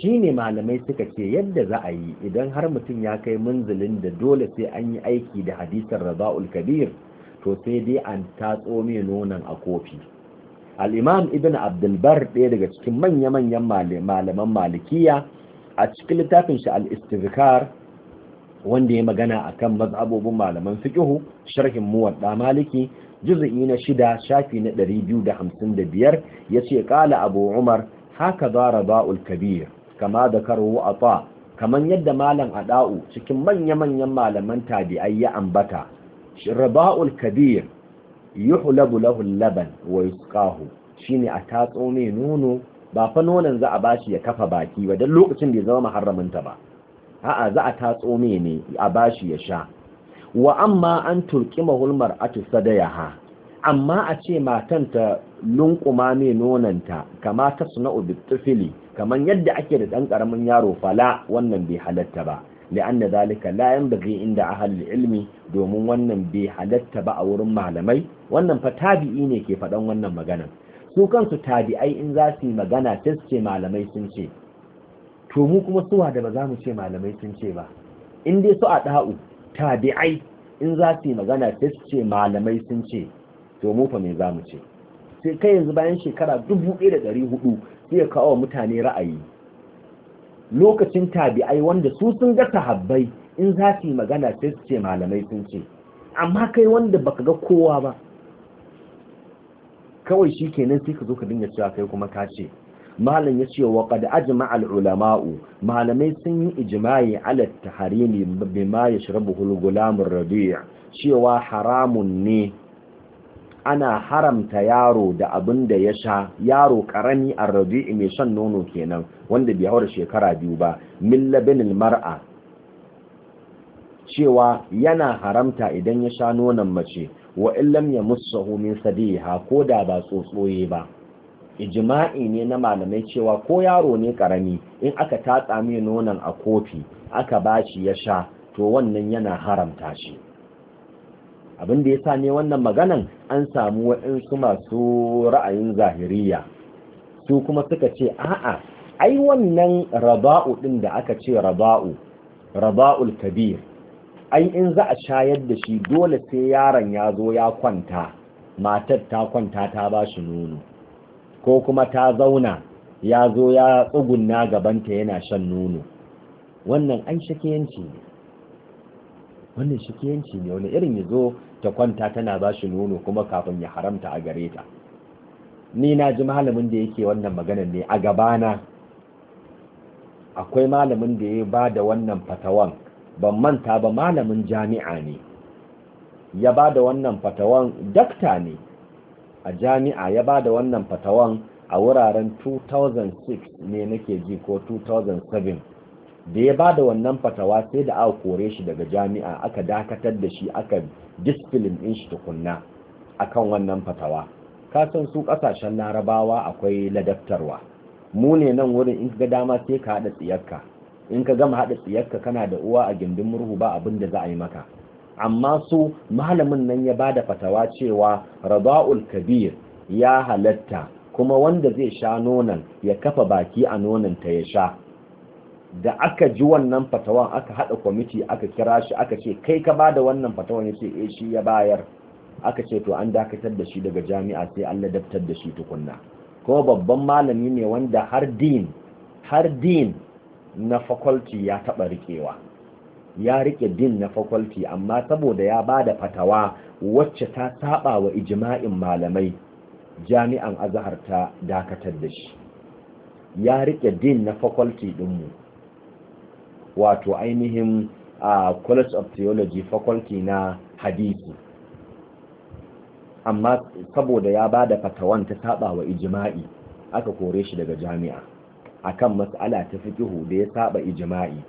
shi ne malamai suka ce yadda za a yi idan har mutum ya kai munzulin da dole sai an yi aiki da hadisin raza'ul kabir to sai dai an tatso mai nonon a kofi al'imam ibn abdulbar ɗaya daga cikin manya-manyan malaman malikiya a cikin littafin shi al wanda ya magana a kan mazabobin malaman fiƙihu sharhin muwadda maliki juz'i na shida shafi na ɗari biyu da da hamsin 255 yace ƙala abu umar haka ba'ul kabir kama da zakaru ata kaman yadda malam ada'u cikin manya-manyan malaman tabi'ai ya ambata raba'ul kabir yuhlabu lahu laban wa yusqahu shine a tatso mai nono ba fa nonon za a bashi ya kafa baki ba dan lokacin da ya zama muharramin ba a'a za a tatso mai ne a bashi ya sha wa amma an turki mahulmar ya yaha. amma a ce matan ta lunkuma mai nonanta kama ta suna ubitufili kamar yadda ake da ɗan ƙaramin yaro fala wannan bai halatta ba da zalika layan yanbaghi inda a halin ilmi domin wannan bai halatta ba a wurin malamai wannan fa tabi'i ne ke faɗan wannan magana su kansu tabi'ai in za su yi magana ta ce malamai sun ce to mu kuma suwa da ba za mu ce malamai sun ce ba in dai su a ɗa'u tabi'ai in za su yi magana sai su ce malamai sun ce to mu fa me za mu ce sai kai yanzu bayan shekara dubu ɗaya da ɗari hudu sai ya kawo mutane ra'ayi lokacin tabi'ai wanda su sun ga sahabbai in za su yi magana sai su ce malamai sun ce amma kai wanda baka ga kowa ba kawai shi kenan sai ka zo ka dinga cewa kai kuma ka ce malam ya ce wa kada ajma al ulama'u malamai sun yi ijma'i ala taharimi bima yashrabuhu al gulam ar rabi' cewa haramun ne ana haramta yaro da abin da ya sha yaro karami a rabi mai shan nono kenan wanda bai haura shekara biyu ba Milla labinil mar'a cewa yana haramta idan ya sha nonon mace wa illam ya musu min sadiha ko da ba tsotsoye ba ijma'i ne na malamai cewa ko yaro ne karami in aka tatsa mai nonon a kofi aka bashi ya sha to wannan yana haramta shi abin da ya sa ne wannan maganan an samu waɗansu masu ra'ayin zahiriya su kuma suka ce a'a ai wannan raba'u ɗin da aka ce raba'u raba'ul kabir ai in za a shayar da shi dole sai yaron ya zo ya kwanta matar ta kwanta ta ba shi nono ko kuma ta zauna ya zo ya tsugunna gabanta yana shan nono wannan an shikiyanci ne wannan shikiyanci ne wani irin ya zo ta kwanta tana ba shi nono kuma kafin ya haramta a gare ta ni na ji malamin da yake wannan maganar ne a gabana akwai malamin da ya ba da wannan fatawan ban manta ba malamin jami'a ne ya ba da wannan fatawan dakta ne a jami'a ya ba da wannan fatawan a wuraren 2006 ne nake ji ko 2007 da ya ba da wannan fatawa sai da aka kore shi daga jami'a aka dakatar da shi aka disfilin ɗin shi tukunna akan wannan fatawa kasan su ƙasashen larabawa akwai ladaftarwa mu ne nan wurin in ga dama sai ka haɗa tsiyarka in ka gama haɗa tsiyarka kana da uwa a gindin murhu ba abin da za a yi maka amma su malamin nan ya bada fatawa cewa rabaul kabir ya halatta kuma wanda zai sha nonan, ya kafa baki a nonon ta ya sha da aka ji wannan fatawan aka haɗa kwamiti aka kira shi aka ce kai ka ba da wannan fatawan Ya ce eh shi ya bayar aka ce to an dakatar da shi daga jami'a sai an ladabtar da shi tukunna Kuma babban malami ne wanda har din har din na faculty ya taba rikewa ya rike din na faculty amma saboda ya bada fatawa wacce ta saba wa ijma'in malamai jami'an azhar ta dakatar da shi ya rike din na faculty dinmu wato ainihin a college of theology faculty na hadisi amma saboda ya ba da fatawan ta saba wa ijima'i aka kore shi daga jami'a akan mas'ala ta fikihu da ya saba ijima'i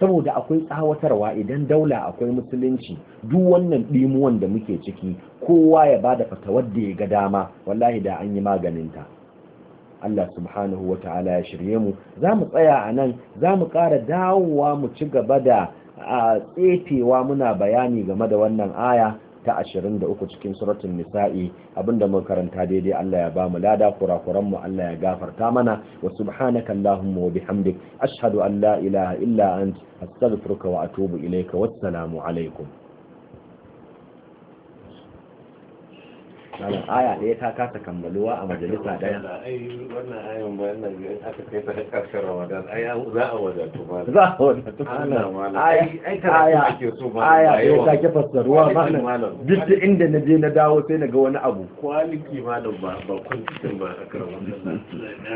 saboda akwai tsawatarwa idan daula akwai musulunci duk wannan ɗimuwan da muke ciki kowa ya ba da fatawar da ya ga dama wallahi da an yi maganinta Allah subhanahu wa ta'ala ya shirye mu za mu tsaya a nan za mu ƙara dawowa mu ci gaba da tsefewa muna bayani game da wannan aya ta 23 cikin suratul nisa'i abinda mun karanta daidai Allah ya bamu lada kurakuran mu Allah ya gafarta mana wa subhanaka allahumma wa bihamdik ashhadu an la ilaha illa ant astaghfiruka wa atubu ilayka wassalamu alaikum aya ɗaya ta kasa kammaluwa a majalisa daya wannan bayan za a wadatu ba za a wadatu aya aya ta ke fassaruwa malam inda na je na dawo sai na ga wani abu kwaliki malam ba ba ba a